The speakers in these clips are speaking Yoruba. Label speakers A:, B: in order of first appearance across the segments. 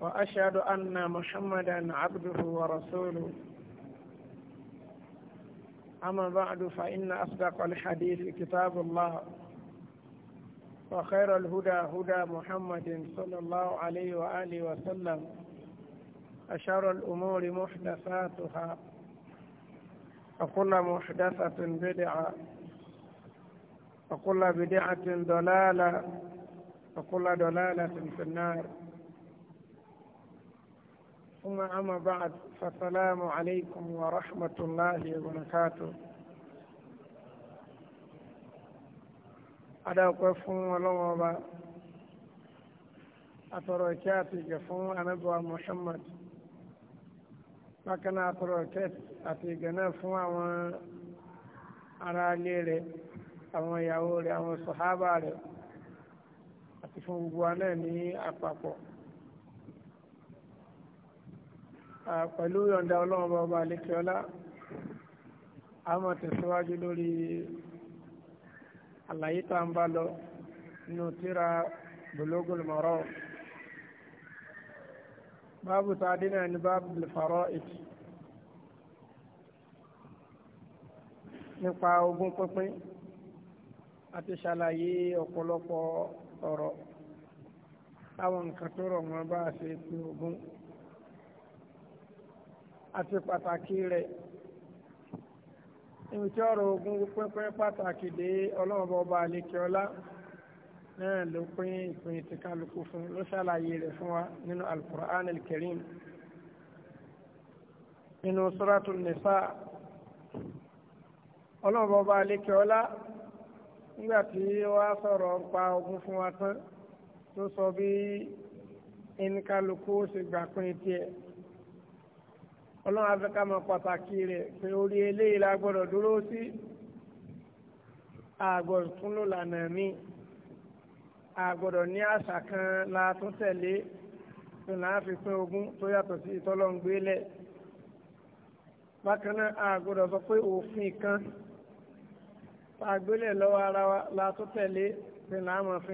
A: وأشهد أن محمدا عبده ورسوله أما بعد فإن أصدق الحديث كتاب الله وخير الهدى هدى محمد صلى الله عليه وآله وسلم أشار الأمور محدثاتها وكل محدثة بدعة وكل بدعة ضلالة وكل ضلالة في النار ثم أما بعد فالسلام عليكم ورحمة الله وبركاته أدعوكم فون الله أتركاتك فون أنبوى محمد bákan náà tọrọ kẹtì àti ìgànnà fún àwọn ará ilé rẹ̀ àwọn ìyàwó rẹ̀ àwọn sọhábà rẹ̀ àti fún gbogbo wa náà ní àpapọ̀. pẹ̀lú yọ̀ǹda ọlọ́run bàbá àlékiọlá a máa tẹ̀síwájú lórí àlàyé tá ń bá lọ nínú tíra Bulugul Maram báàbù tá a dín náà ní báàbù al-fara'id nípa ogún pínpín àti ṣàlàyé ọ̀pọ̀lọpọ̀ ọ̀rọ̀ àwọn nǹkan tó rọ̀ wọ́n bá a ṣe pín ogún àti pàtàkì rẹ̀ níbi tí ọ̀rọ̀ ogun pínpín pàtàkì dé ọlọ́run ọba àlekèọlá náà ló pín ìpín tí kálukú fún ló ṣàlàyé rẹ̀ fún wa nínú alukur'an alkarim nínú suratu nisa ọlọ́run ọba àlekèọlá nígbà tí wàá sọ̀rọ̀ pa ogun fún wa tán tó sọ bí ẹnìkálukú ṣe gbà pín tiẹ̀ ọlọ́run afẹ́ká máa pàtàkì rẹ̀ pé orí eléyìí la gbọ́dọ̀ dúró sí àgbọ̀dọ̀ tún ló lànà mí àgbọ̀dọ̀ ní àṣà kan la tún tẹ̀lé tó náà fi tó yàtọ̀ sí ìtọ́lọ́ngbélẹ̀ bákan náà àgbọ̀dọ̀ sọ pé òfin kan àgbélẹ̀ lọ́wọ́ ara wa la tún tẹ̀lé tó náà máa fi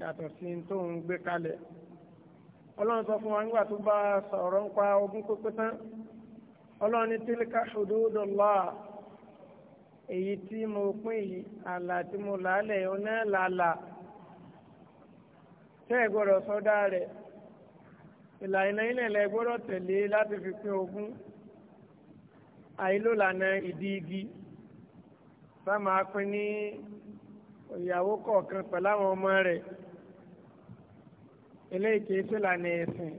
A: yàtọ̀ sí tóun gbé kalẹ̀ ọlọ́run sọ fún wa nígbà tó bá sọ̀rọ̀ ń pa ogún pípé tán ọlọ́run ní tílíkà hududullah èyí tí mo pín yìí àlà tí mo làálẹ̀ ọ̀nà làálà tẹ́ ẹ̀ gbọ́dọ̀ sọ́dá rẹ̀ ìlànà ilẹ̀ lẹ gbọ́dọ̀ tẹ̀lé láti fi pín ogún àìlólànà ìdí igi sáà máa pín ní ìyàwó kọ̀ọ̀kan pẹ̀lú ọmọ rẹ̀ eléyìí kìí ṣe lànà ẹ̀sìn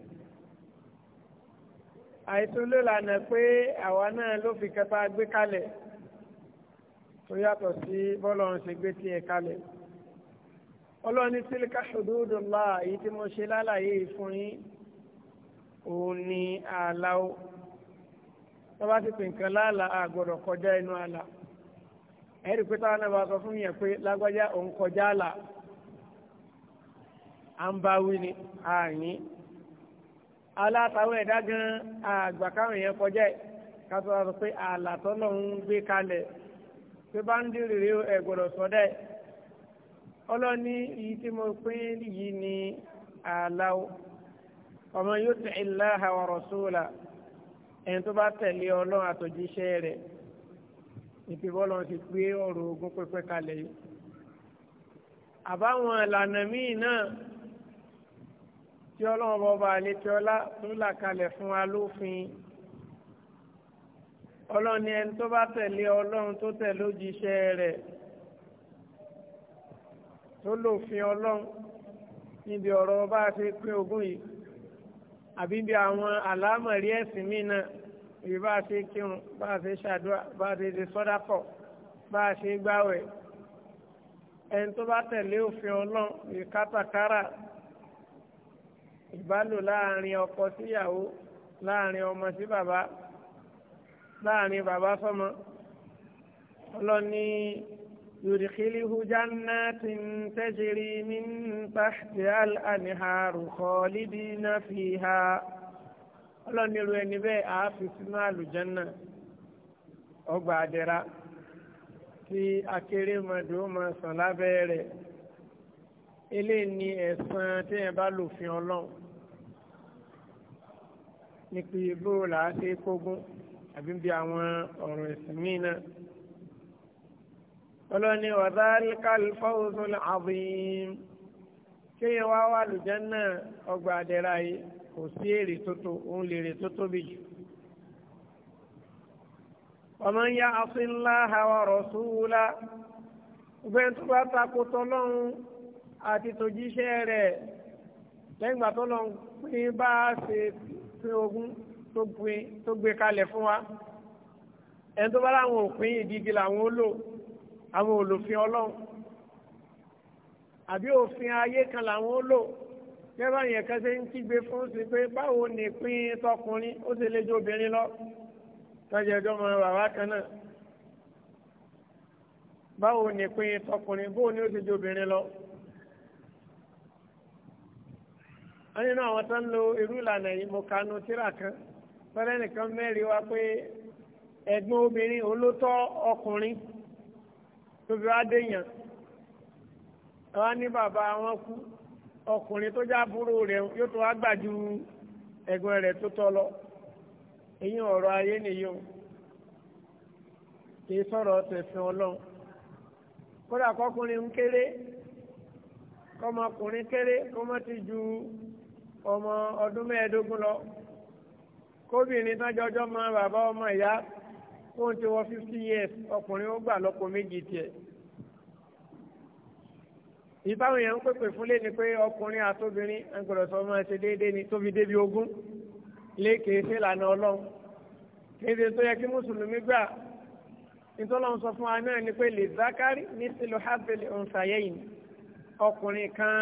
A: àìsàn ló lànà pé àwa náà ló fi kẹta gbé kalẹ̀ tó yàtọ̀ sí bọ́lọ́run ṣe gbé tiẹ̀ kalẹ̀ ọlọ́ni tílíkà hududullah èyí tí mo ṣe lálàyé fún yín òun ni ààlà ó tọ́ba ti pè nǹkan láàlà àgbọ̀dọ̀ kọjá inú ààlà ẹ̀rí pé táwọn náà bá sọ fún yẹn pé lágbájá òun kọjá ààlà à ń bá wí ni àyìn alátàwọn ẹ̀dá gan àgbà káwọn èèyàn kọjá ẹ̀ ká tó wá sọ pé àlàtọ́ náà ń gbé kalẹ̀ pé bá ń dìrì rí ẹ̀ ọlọ́ni yìí tí mo pín yìí ni àlàó ọmọ yóò tẹ̀ ìlàhà wa rasúlà ẹni tó bá tẹ̀lé ọlọ́run àtòjíṣẹ́ rẹ̀ ìpínbọ́lọ́ ti pé ọ̀rọ̀ ogun pẹ́pẹ́ kalẹ̀ yìí àbáwọn ìlànà míì náà tí ọlọ́run bọba àlékè ọlá tó là kalẹ̀ fún wa lófin ọlọ́run ni ẹni tó bá tẹ̀lé ọlọ́run tó tẹ̀lé òjíṣẹ́ rẹ̀ tó lòfin ọlọ́run níbi ọ̀rọ̀ bá a ṣe pín ogún yìí àbí bí àwọn àlámọ̀rí ẹ̀sìn mí náà ìbí bá a ṣe kírun bá a ṣe ṣàdúrà bá a ṣe ṣe sọ́dá bá a ṣe gbáwẹ̀ ẹni tó bá tẹ̀lé òfin ọlọ́run ìkátàkárà ìbálò láàrin ọkọ síyàwó láàrin ọmọ sí bàbá láàrin bàbá sọmọ ọlọ́ni yudkhilihu jannatin tajri min tahtiha al-anharu khalidina fiha ọlọ́ni ru ẹni bẹ́ẹ̀ àáfi sínú àlùjánná ọgbà àdẹ̀ra tí akérèmọdò máa sàn lábẹ́ rẹ̀ eléyìí ni ẹ̀san tí ẹ bá lòfin ọlọ́run ní pé bóò là á ṣe kógún àbí bí àwọn ọ̀rọ̀ ẹ̀sìn míì náà ọlọ́ni wàdálíkàl fawzul azim kéèyàn wá wà lùjánnà ọgbà àdẹ́rà yìí kò sí èrè tótó òun lè èrè tótó bì jù. ọmọ ń yá asínláhà wa rasuula gbẹ́ntúbà takò tọ́lọ́run àti tòjíṣẹ́ rẹ̀ lẹ́yìngbà tó lọ pín bá a ṣe pín ogún tó gbé kalẹ̀ fún wa ẹni tó bá láwọn òpin ìdígi làwọn ó lò àwọn olùfin ọlọ́run àbí òfin ayé kan làwọn ó lò lẹ́bàá yẹn kan ṣe ń kígbe fún sí pé báwo ni pín tọkùnrin ó ṣe lé ju obìnrin lọ tọ́jú ẹjọ́ mọ bàbá kan náà báwo ni pín tọkùnrin bóun ni ó ṣe ju obìnrin lọ. wọ́n nínú àwọn tó ń lo irú ìlànà yìí mo kanu tíra kan fẹ́rẹ́ nìkan mẹ́rin wá pé ẹ̀gbọ́n obìnrin olótọ́ ọkùnrin tó fi wá déyàn wọ́n ní bàbá wọn kú ọkùnrin tó já búrò rẹ̀ yóò tó wá gbà ju ẹ̀gbọ́n rẹ̀ tó tọ́ lọ èyí ọ̀rọ̀ ayé nìyí o kì í sọ̀rọ̀ kódà kọkùnrin ń kéré kọmọkùnrin kéré kọmọ ti ju ọmọ ọdún mẹ́ẹ̀ẹ́dógún lọ kóbìnrin tájọjọ́ mọ bàbá ọmọ ìyá fóun ti wọ fifty years ọkùnrin ó gbà lọ́kọ méjì tiẹ̀ ìbáwọn yẹn ń pèpè fún lé ni pé ọkùnrin àtòbìnrin ń gbọ́dọ̀ sọ máa ṣe déédéé ni tóbi débi ogún léèkèé ṣe lànà ọlọ́run kéde tó yẹ kí mùsùlùmí gbà ìtọ́lọ́run sọ fún wa náà ni pé lè zákárì ní sílùú hábẹ́lì ọ̀nsàyẹ́yìn ọkùnrin kan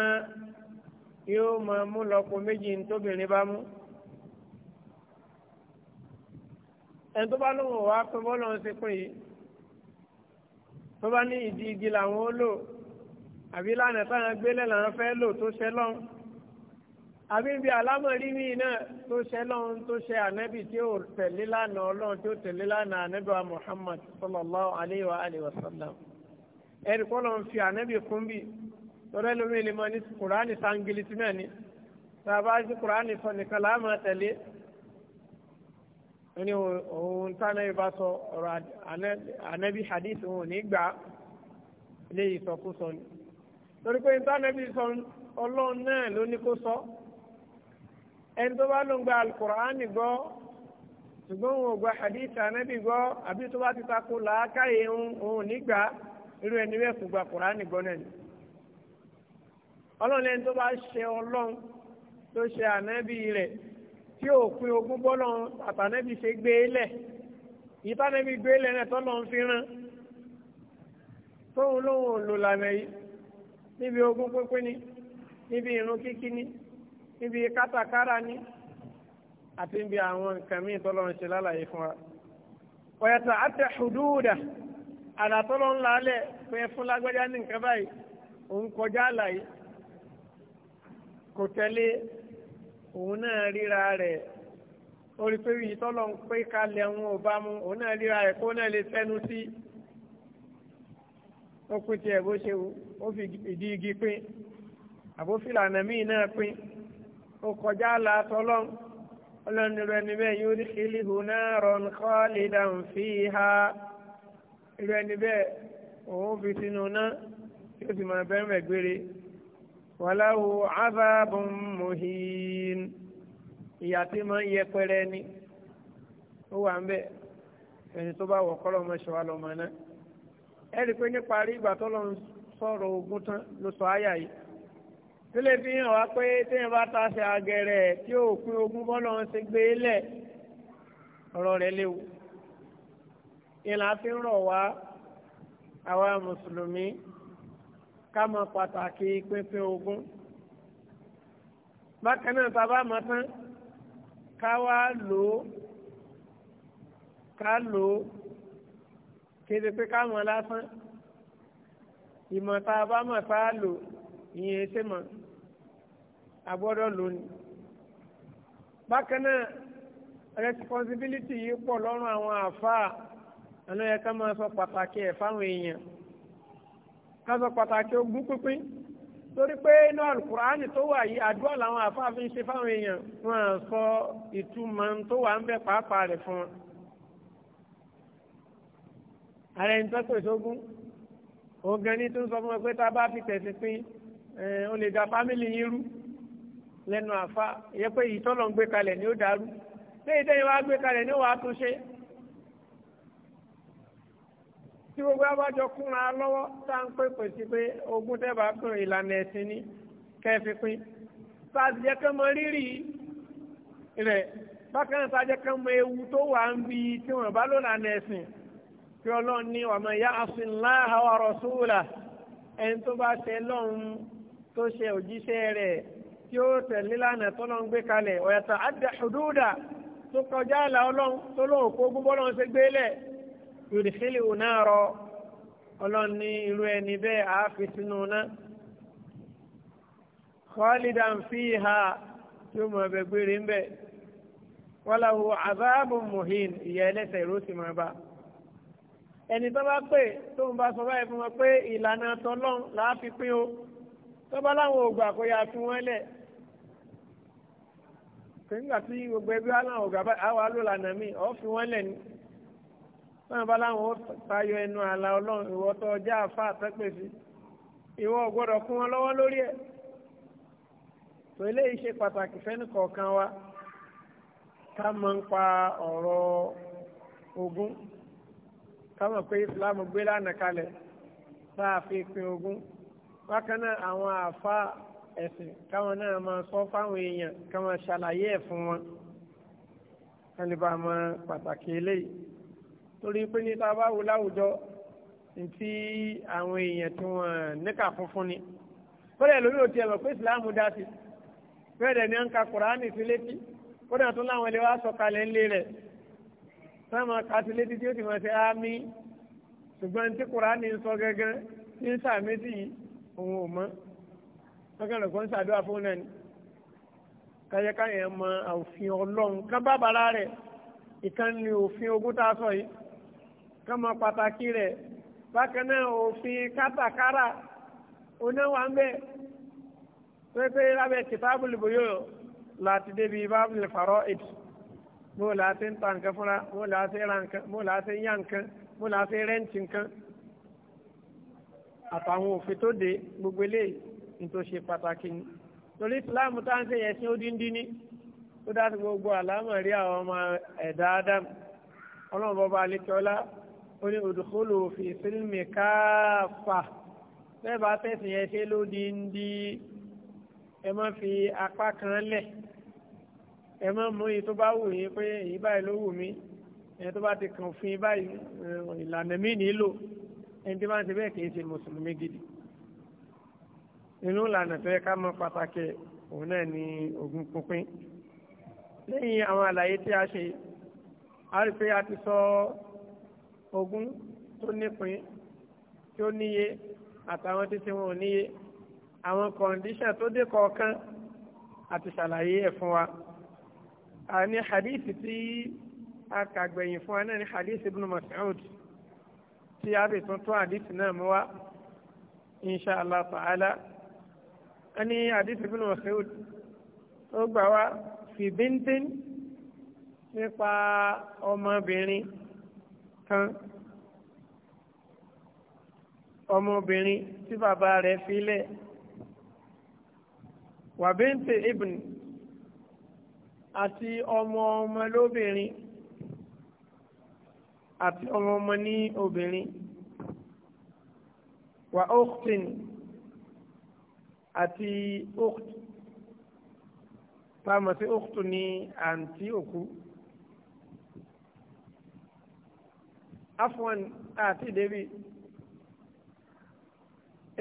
A: yóò máa mú lọ́pọ̀ méjì tóbìnrin bá mú. ẹni tó bá lóun wá pé bọ́ọ̀lù ń sepin yìí tó bá ní ìdí igi làwọn ó lò àbí lánàá táwọn gbélé làwọn fẹ́ lò tó ṣe lọ́hùn àbí ibi àlámọ̀rí mi náà tó ṣe lọ́hùn tó ṣe ànábì tí ó tẹ̀lé lánàá ọlọ́run tí ó tẹ̀lé lánàá ànábì Muhammad sallallahu alayhi wa alayhi wa sallam ẹ̀rí kọ́ ló ń fi ànábì kún bíi torí ẹlòmíì lè mọ ní kùránì sangili tí mẹ́ni tá a bá ṣe kùránì sọ nìkan láàmú tẹ̀lé ní òun tánà ìbá sọ ọ̀rọ̀ ànábì hadith òun nígbà lè ìsọkúsọ ni torí pé ìtànàbì sọ ọlọ́run náà ló ní kó sọ ẹni tó bá ló ń gba alukur'an gbọ́ ṣùgbọ́n òun ò gba hadith ànábì gbọ́ àbí tó bá ti takò làákàyè òun nígbà irú gba kur'an gbọ́ náà ọlọ́run ẹni tó bá ṣe ọlọ́run tó ṣe ànábì rẹ̀ tí òpin ogún bọ́lọ̀ àtànábì ṣe gbé e lẹ̀ ìtànábì gbé e lẹ̀ náà tọ́lọ̀ ń fi rán tóun lóun ò lò lànà yìí níbi ogún pínpín ni níbi irun kíkí ni níbi kátàkárà ni àti níbi àwọn nǹkan míì tọ́lọ̀ ń ṣe lálàyé fún wa. ọ̀yàtọ̀ àti ṣùdúùdà àdàtọ́lọ́ ńlá lẹ̀ pé fún lágbájá ní nǹkan báyìí òun kọjá àlàyé kò tẹ́lé òun náà ríra rẹ̀ orí pé yìí tọ́lọ̀ ń pé kalẹ̀ òun ò bá mu òun náà ríra rẹ̀ kó náà lè fẹ́nu sí ó pín tiẹ̀ bó ṣe ó fi ìdí igi pín àbófìlànà míì náà pín ó kọjá la tọ́lọ́ ọlọ́run irú ẹni bẹ́ẹ̀ yóò rí ìlú náà rọ̀n kọ́ lè dàn fi ha irú ẹni bẹ́ẹ̀ òun fi sínú náà yóò sì máa bẹ́ẹ̀ mẹ́gbére wàláwo azábù muhin ìyá tí máa ń yẹpẹrẹ ni ó wà ń bẹ ẹni tó bá wọ kọlọ ọmọ ṣọwá lọmọ náà ẹ rí i pé níparí ìgbà tó lọ sọ̀rọ̀ ogun tán ló sọ àyà yìí tílé fi hàn wá pé téèyàn bá ta ṣe àgẹ̀rẹ̀ tí ò pín ogún bọ́lọ̀ ń ṣe gbé lẹ̀ ọ̀rọ̀ rẹ̀ léwu ìlà fi ń rọ̀ wá àwa mùsùlùmí Kama pataki pàtàkì pínpín ogún bákan náà tá a bá mọ tán ká wá lò ó ká lò ó kéde pé ká mọ lásán ìmọ̀ tá a bá mọ̀ tá lò ìyẹn ṣe mọ̀ àgbọ́dọ̀ lò bákan náà responsibility yìí pọ̀ lọ́rùn àwọn àáfàá àná yẹ ká máa sọ pàtàkì ẹ̀ fáwọn èèyàn kásọ pàtàkì ogún pínpín torí pé inú alukur'ani tó wà yìí àdúrà làwọn àfáàfin ń ṣe fáwọn èèyàn wọn à sọ ìtumọ̀ tó wà ń bẹ pàápàá rẹ̀ fún wọn. ààrẹ ń tọ́kọ ìṣógún ogan ní tó ń sọ fún wọn pé tá a bá fi tẹ̀sí pín ó lè da fámìlì yín rú lẹ́nu àfa ìyẹn ìtọ́lọ̀ ń gbé kalẹ̀ ni ó dàrú léyìí tẹ́yìn wá gbé kalẹ̀ ni ó wàá tún ṣe tí gbogbo abájọ kúnra lọ́wọ́ tá à ń pè pè sí pé ogún tẹ́bàá pè ìlànà ẹ̀sìn ní kẹ́ẹ̀fì pín sáàtì jẹ́ kán mọ rírì rẹ̀ bákan náà sáàjẹ́ kán mọ ewu tó wà ń bi tí wọ́n bá lò lànà ẹ̀sìn kí ọlọ́run ní wàmọ̀ ya asinláha wa rọ̀ṣúlà ẹni tó bá tẹ lọ́run tó ṣe òjíṣẹ́ rẹ̀ tí ó tẹ̀lé lánàá tó lọ́n gbé kalẹ̀ ọ̀yàtọ̀ àdà tó kọjá àlà ọlọ́run tó lóun yòdìsílì onáàrọ ọlọ́run ní irú ẹni bẹ́ẹ̀ àáfi sínú ná khalidan fiha tí ó mọ ẹbẹ gbére ń bẹ wàláwo àbáàbò mohin ìyá ẹlẹ́sẹ̀ ìró sì máa bá ẹni tó bá pè tó ń bá sọ báyìí fún wọn pé ìlànà tọlọ́n láàfin pín o tó bá láwọn ògbà kó yá fún wọn lẹ̀ nígbà tí gbogbo ẹbí wa láwọn ògbà báyìí àwa ló ọ̀ fi wọn lẹ̀ ni wọn bá láwọn ó tayọ ẹnu àlà ọlọ́run ìwọ tó ọjà àfa àtẹ́pẹ́ sí ìwọ ọgbọ́dọ̀ kún wọn lọ́wọ́ lórí ẹ̀ tó eléyìí ṣe pàtàkì fẹ́ni kọ̀ọ̀kan wa ká mọ̀ ń pa ọ̀rọ̀ ogún ká mọ̀ pé Islam gbé lánàá kalẹ̀ tá a fi pín ogún bákan náà àwọn àfa ẹ̀sìn káwọn náà máa sọ fáwọn èèyàn ká ṣàlàyé ẹ̀ fún wọn ká lè pàtàkì eléyìí torí pé ní tá a bá wo láwùjọ ntí àwọn èèyàn tí wọ́n níkà funfun ni bẹ́ẹ̀ lórí òtí ẹ̀mọ̀ pé ìsìláàmù dá sí bẹ́ẹ̀ dẹ̀ ní à ń ka kùránì sí létí kódà tó láwọn ilé wa sọ kalẹ̀ ńlé rẹ̀ sáwọn kàtí létí tí ó ti mọ̀ sí àmì ṣùgbọ́n tí kùránì ń sọ gẹ́gẹ́ tí ń sàmì sí òun ò mọ́ lọ́kàn lọ́kàn ń ṣàdúrà fún náà ni káyẹ káyẹ mọ òfin ọlọ́run ká rẹ̀ ìkànnì òfin ogún tá a sọ yìí kọ́mọ pàtàkì rẹ̀ bákan náà òfin kátàkárà oníwà ń bẹ̀ pépé lábẹ́ kìtàbùlù bòyó láti débi bábùlù fàrọ̀ èdè bó láti ń ta nǹkan fúnra bó láti ra nǹkan bó láti yá nǹkan bó láti rẹ́ǹtì nǹkan àtàwọn òfin tó de gbogbo eléyìí ní tó ṣe pàtàkì ni torí islam tá à ń ṣe yẹn sí odindi ní ó dá sí gbogbo àlámọ̀ rí àwọn ọmọ ẹ̀dá adam ọlọ́run bọba alẹ́kẹ́ọ́lá ó ní òdùkúlù fi sílmì káfà bẹ́ẹ̀ bá tẹ̀sìn yẹn ṣe lódìndí ẹ má fi apá kan lẹ̀ ẹ má mú iye tó bá wù yín pé èyí báyìí ló wù mí ẹni tó bá ti kàn fún yín báyìí eh, ìlànà mí nílò ẹni tí bá ń ṣe bẹ́ẹ̀ kì í ṣe mùsùlùmí gidi inú ìlànà tó yẹ ká mọ pàtàkì òun náà ní ogún pínpín lẹ́yìn àwọn àlàyé tí a ṣe a rí pé a ti sọ. So, ogún tó nípín tí ó níye àtàwọn títí wọn ò níye àwọn kọ̀ǹdíṣàn tó dé kọ̀ọ̀kan àti ṣàlàyé ẹ̀ fún wa. àní hadith tí a kà gbẹ̀yìn fún wa náà ní hadith ibn Mas'ud tí a lè tún tún hadith náà mú wa insha Allah ta'ala. a ní hadith ibn Mas'ud ó gbà wá fi bíntín nípa ọmọbìnrin kan ọmọbìnrin tí bàbá rẹ̀ filẹ̀ wàbíntì ibn àti ọmọ ọmọ lóbìnrin àti ọmọ ọmọ ní obìnrin wà ọ́kùtìn àti ọ́kùtù pàmò sí ọ́kùtù ní àǹtí òkú. afwan àti ìdébí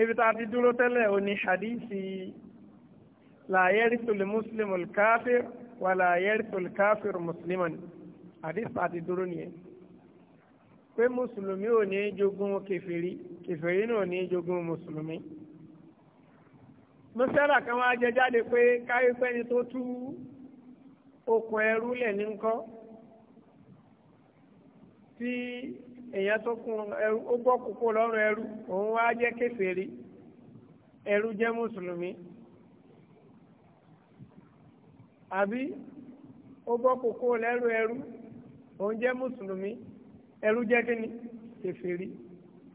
A: ibi tá a ti dúró tẹ́lẹ̀ ò ní hadithi la yarithul muslimul kafir wa la yarithul kafir musliman hadith àti dúró nìyẹn pé mùsùlùmí ò ní jogún kèfèrí kèfèrí náà ò ní jogún mùsùlùmí mọ́sálà kan wá jẹ jáde pé káyé pẹ́ni tó tú okùn ẹrú lẹ̀ ní ńkọ́ tí èèyàn tó kún ẹrú ó gbọ́ kókó lọ́rùn ẹrú òun wá jẹ́ kèfèrí ẹrú jẹ́ mùsùlùmí àbí ó gbọ́ kókó lẹ́rú ẹrú òun jẹ́ mùsùlùmí ẹrú jẹ́ kíni kèfèrí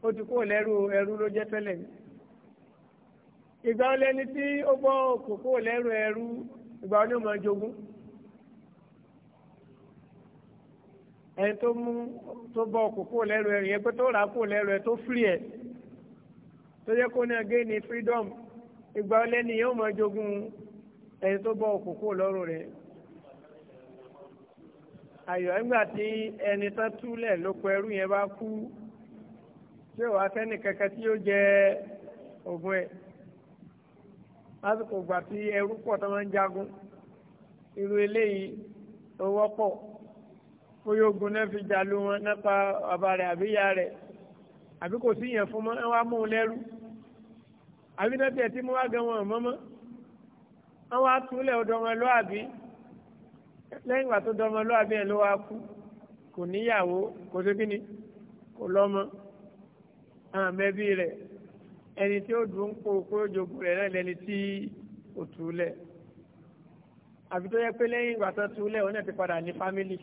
A: ó ti kó lẹ́rú ẹrú ló jẹ́ tẹ́lẹ̀ ní. ìgbà wo lẹni tí ó gbọ́ kókó lẹ́rú ẹrú ìgbà wo máa jogún. ẹni tó mú tó bọ́ ọkọ̀ kúrò lẹ́rù ẹ̀ yẹn pé tó rà á kúrò lẹ́rù ẹ̀ tó fírì ẹ̀ tó yẹ kó ní freedom ìgbà ni yóò máa jogún ẹni tó bọ ọkọ̀ lọ́rùn rẹ̀ àyọ̀ nígbà tí ẹni tán túlẹ̀ lóko ẹrú yẹn bá kú kankan tí yóò jẹ ògùn ẹ̀ lásìkò ìgbà tí ẹrú pọ̀ tó bóyá ogun náà fi jalu wọn nípa bàbá rẹ̀ àbí ìyá rẹ̀ àbí kò sí yẹn fún mọ́ ẹ wá mú un lẹ́rú àbí náà tiẹ̀ tí mo wá gan wọn mọ́mọ́ wọn wá túlẹ̀ ọ̀dọ̀ wọn lọ àbí lẹ́yìn ìgbà tó dọ́mọ àbí ẹ̀ ló wá kú kò níyàwó kò sí kíni kò lọ́mọ àwọn mẹ́bí ẹni tí ó dùn kó kó jogun rẹ̀ náà lẹni tí ó túlẹ̀ àbí tó yẹ pé lẹ́yìn ìgbà tó túlẹ̀ òun náà ti padà ní fámìlì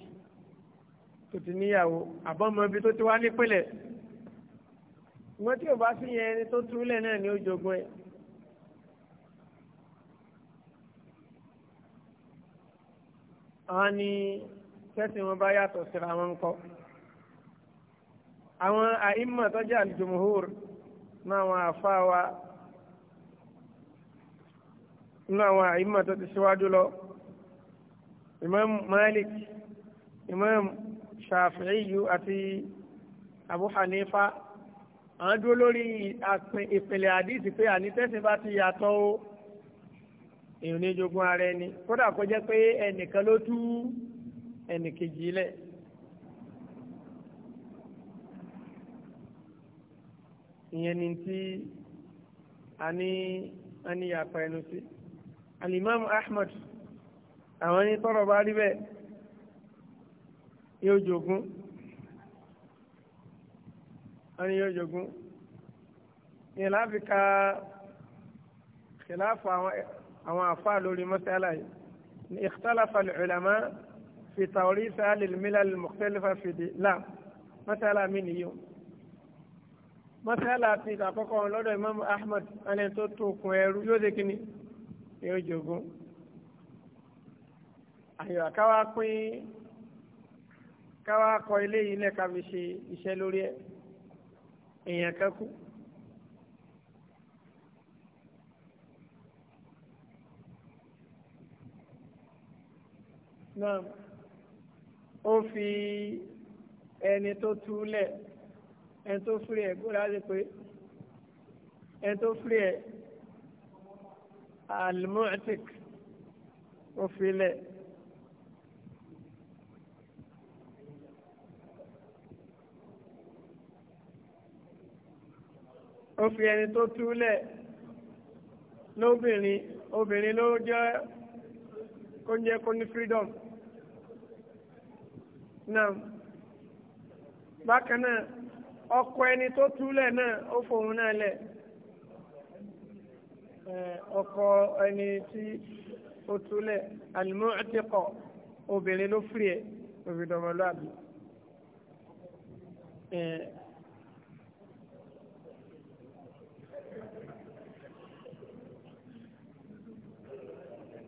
A: tó ti níyàwó àbọ̀mọ ibi tó ti wá nípìnlẹ̀ ìwọ́n tí ò bá sí yẹn ẹni tó túlẹ̀ náà ni ó jogún ẹ̀. àwọn ni tẹ́sí wọn bá yàtọ̀ síra wọn kọ́ àwọn àìmọ̀ tọ́jú àlùjùmùhùr náà wọn àfa wa nínú àwọn àìmọ̀ tó ti síwájú lọ Imam Malik Imam ṣàfihìyù àti Abu Hanifa àwọn dúró lórí ìpìlẹ̀ àdìsí pé ànítẹ́sìn bá ti yàtọ̀ o èèyàn ní jogún ara ẹni kódà kó jẹ́ pé ẹnìkan ló tú ẹnìkejì lẹ̀. ìyẹn ni tí a ní a ní yàpá ẹnu sí. alimami Ahmad àwọn ẹni tọrọ bá rí bẹ́ẹ̀ yóò jogún ẹni yóò jogún yẹn láfi ka kìláàfù àwọn àfa lórí mọ́sálà yìí ni ikhtalafa al-ulama fi tawrith al-milal al-mukhtalifa fi al-islam mọ́sálà mi nìyí mọ́sálà ti àkọ́kọ́ lọ́dọ̀ imam ahmed ẹni tó kun ẹrú yóò ṣe kínní yóò jogún àyọ̀ àkáwá pín káwá kọ eléyìí lẹ́ka fi ṣe iṣẹ́ lórí ẹ̀ èèyàn kan kú. náà ó fi ẹni tó túlẹ̀ ẹni tó fúri ẹ̀ gbọ́dọ̀ á pé ẹni tó fúri ẹ̀ almu'tik ó fi lẹ̀. ó fi ẹni tó túlẹ̀ lóbìnrin obìnrin ló jẹ́ kó jẹ́ kó ní freedom náà bákan náà ọkọ ẹni tó túlẹ̀ náà ó fòun náà lẹ̀ ọkọ ẹni tí ó túlẹ̀ al-mu'tiqa obìnrin ló fìrì ẹ̀ òbí dọ̀mọ́lúàbí.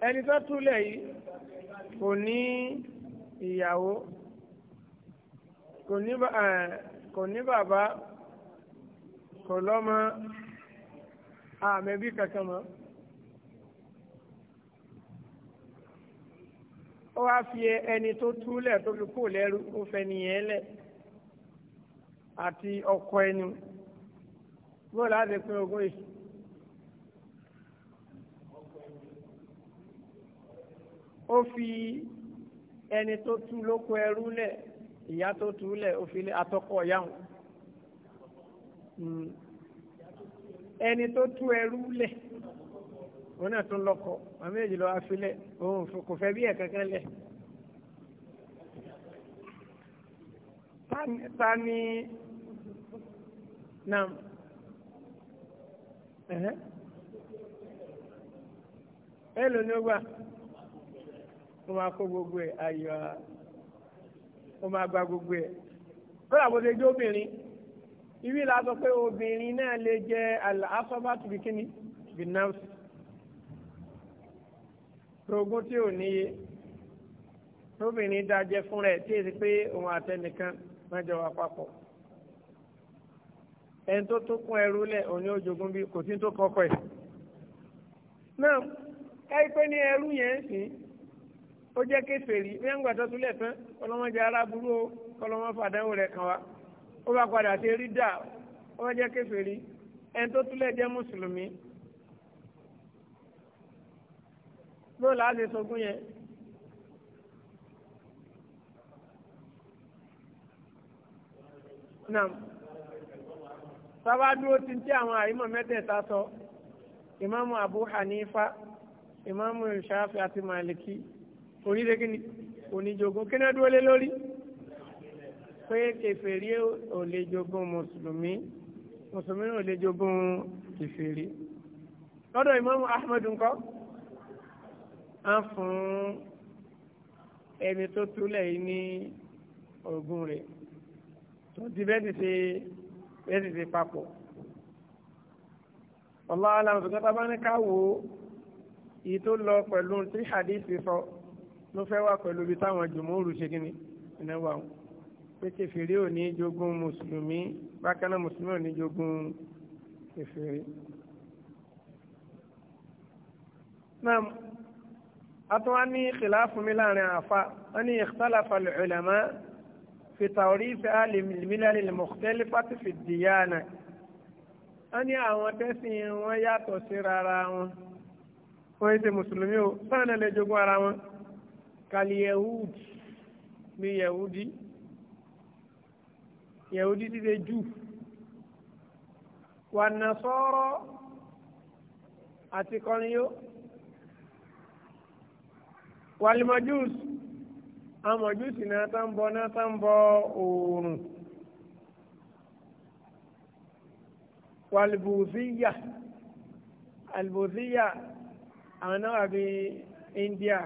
B: ẹni tó túlẹ̀ yìí kò ní
A: ìyàwó kò ní bàbá kò lọ́mọ àmẹ́bí kankan mọ́. ó wá fi ẹni tó túlẹ̀ tó fi kó lẹ́rú ó fẹ́ nìyẹn lẹ̀ àti ọkọ ẹni bó láti pín ogún yìí. ó fi ẹni tó tu lóko ẹrú lẹ̀ ìyá tó tu lẹ̀ ó fi lé atọ́kọ̀ ọ̀yá hmm. ẹni tó tú ẹrú lẹ̀ òun náà tún òun kò bí kankan tani na ó máa kó gbogbo ẹ̀ ayọ̀ ó máa gba gbogbo ẹ̀ kódà bó ṣe jẹ́ obìnrin ibi la sọ pé obìnrin náà lè jẹ́ asọ́bà tìbí kíni binafsi rogún tí ò níye obìnrin dájẹ́ fún rẹ̀ tí èsì pé òun àtẹnìkan máa jọ wà papọ̀ ẹni tó tó kún ẹrú lẹ̀ òní òjògùn bí kò sí tó kọ́kọ́ ẹ̀ náà ẹ pé ní ẹrú yẹn ń ó jẹ́ kèfèrí bí ẹ̀ǹgbà tó túlẹ̀ tán kọlọ́mọdé aráburú o kọlọ́mọ fàdánwò rẹ̀ kàn wá ó bá padà sí rí dà ó jẹ́ kèfèrí ẹni tó túlẹ̀ jẹ́ mùsùlùmí bó la sọgún yẹn. Nam sábà ti ń tí àwọn àìmọ̀ mẹ́tẹ̀ẹ̀ta sọ ìmáàmù Abu Hanifa ìmáàmù Shafi àti Maliki onídekíní oníjogún kí náà dúró lé lórí pé kèfèrí ò lè jogún mùsùlùmí mùsùlùmí ò lè jogún kèfèrí lọ́dọ̀ ìmáàmù ahmed ńkọ́ á fún ẹni tó túlẹ̀ yìí ní ogún rẹ̀ tó ti bẹ́ẹ̀ ti ṣe bẹ́ẹ̀ ti ṣe papọ̀ ọlọ́ọ̀lá mùsùlùmí tó bá ní ká wò ó èyí tó lọ pẹ̀lú tí hadith sọ. So ló fẹ́ wà pẹ̀lú ibi táwọn jùmọ̀rù ṣe kíni ẹ̀nà wà ó pé kẹfìrí ò ní jogún mùsùlùmí bákan náà mùsùlùmí ò ní jogún kẹfìrí. náà atún wá ní khilaafu mi láàrin àfa wọ́n ní ikhtalafa al-ulama fi tawrith ahli al-milal al-mukhtalifati ní àwọn tẹ́sìn wọn yàtọ̀ sí rárá wọn wọ́n yìí ṣe mùsùlùmí o sáà náà lè jogún ara wọn kaliyahud ní yahudi yahudi ti ṣe jù wà nasọ́rọ́ àti kọ́niyó walimajus amajusi náà tá ń bọ náà tá ń bọ oòrùn walibuziyya india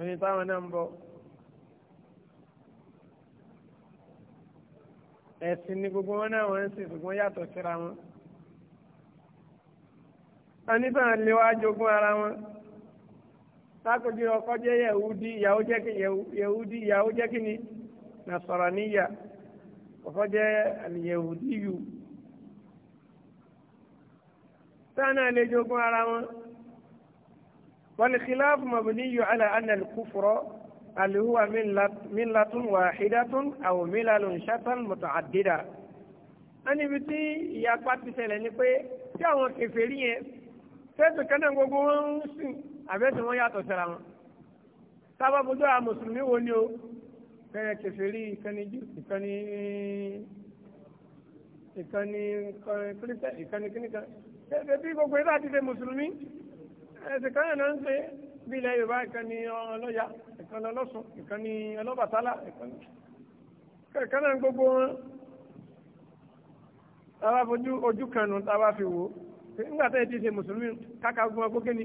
A: wọ́n ní táwọn náà ń bọ̀. ẹ̀sìn ni gbogbo wọn náà wọ́n ń sìn ṣùgbọ́n yàtọ̀ síra wọn. anítàn lè wá jogún ara wọn lákòjú ọkọ jẹ́ yẹ̀wúdí ìyàwó jẹ́ kí yẹ̀wúdí ìyàwó jẹ́ kí ni nasaraniya ọkọ jẹ́ yẹ̀wúdí yù. táwọn náà lè jogún ara wọn. والخلاف مبني على أن الكفر هل هو ملة واحدة أو ملل شتى متعددة ẹni bí tí ìyapa ti ṣẹlẹ̀ ni pé tí àwọn kèfèrí yẹn fẹ́ẹ̀tù kẹ́nà gbogbo wọn ń sìn àbẹ́sẹ̀ wọn yàtọ̀ síra wọn sábàbọ̀dọ̀ àwọn mùsùlùmí wo ni o kẹ́nà kèfèrí ìkànnì jù ìkànnì ìkànnì kírísítà ìkànnì kíníkan ṣe bí gbogbo ẹ̀ bá ti ṣe mùsùlùmí ẹ̀sìn kan náà ń pè bí ilẹ̀ yorùbá ìkan ni ọlọ́yà ìkan ni ọlọ́sùn ìkan ni ọlọ́bàtálá ìkan náà gbogbo wọn tàbá fojú ojú kanu tàbá fi wò nígbà tó yẹ ti ṣe mùsùlùmí káka gun ọgbó kíni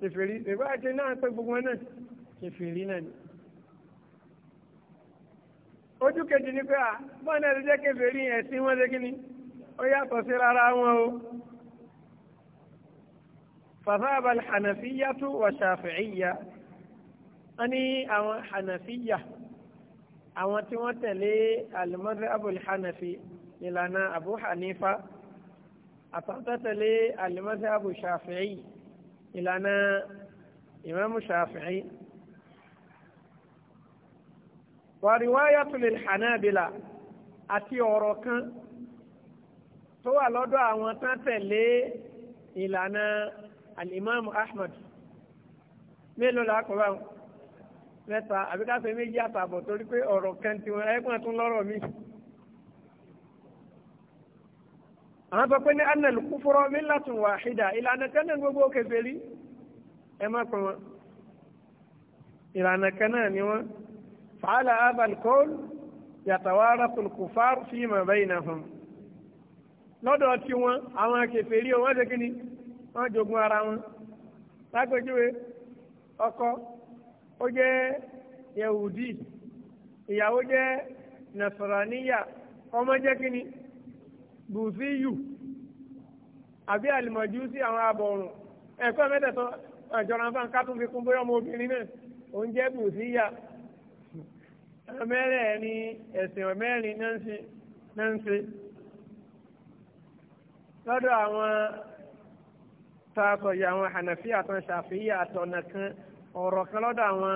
A: kẹfìrí ìgbà tí náà pé gbogbo wọn náà kẹfìrí náà ni ojú kejì ni pé à bọ́ọ̀nà ẹ̀sìn jẹ́ kẹfìrí ẹ̀sìn wọn ṣe kíni ó yàtọ̀ sí rárá wọn o fàfáàbà hànàfíyà tó wà ṣàfihìyà wọ́n ní àwọn hànàfíyà àwọn tí wọ́n tẹ̀lé alimọ́dé abul hànàfi ìlànà abu hanifa àtàwọn tẹ̀lé alimọ́dé abu ṣàfihì ìlànà ìmáàmù ṣàfihì. wàríwáyàtò lè hànábìlà àti ọ̀rọ̀ kan tó wà lọ́dọ̀ àwọn tán tẹ̀lé ìlànà alimami ahmed mélòó la kọ́ báwọn mẹ́ta àbí ká fẹ́ méjì àtààbọ̀ torí pé ọ̀rọ̀ kan ti wọn ẹ̀gbọ́n tún lọ́rọ̀ mi. àwọn sọ pé ní anel kúfúrọ́ millatun wahida ìlànà kan náà gbogbo kèfèrí ẹ má pọ̀ wọn ìlànà kan náà ni wọn fàálà abal kọ́ọ̀l yatawarathul kufar fima bainahum lọ́dọ̀ tí wọn àwọn kèfèrí wọn ṣe kí ni. wọn jogun ara wọn lágbèjúwe ọkọ ó jẹ yehudi ìyàwó jẹ́ nasaraniya ọmọ jẹ́ kínní bùsíyù àbí àlùmọ̀júsí àwọn abọ̀rùn ẹ̀kọ́ mẹ́tẹ̀ẹ̀tọ́ àjọra fún akátún fi kún bóyá ọmọ obìnrin náà òun jẹ́ bùsíyà mẹ́rẹ̀ ni ẹ̀sìn mẹ́rin náà ń ṣe àwọn tààtọ̀ yà àwọn hànàfí àtọ̀ ṣàfihàn àtọ̀nà kan ọ̀rọ̀ kan lọ́dọ̀ àwọn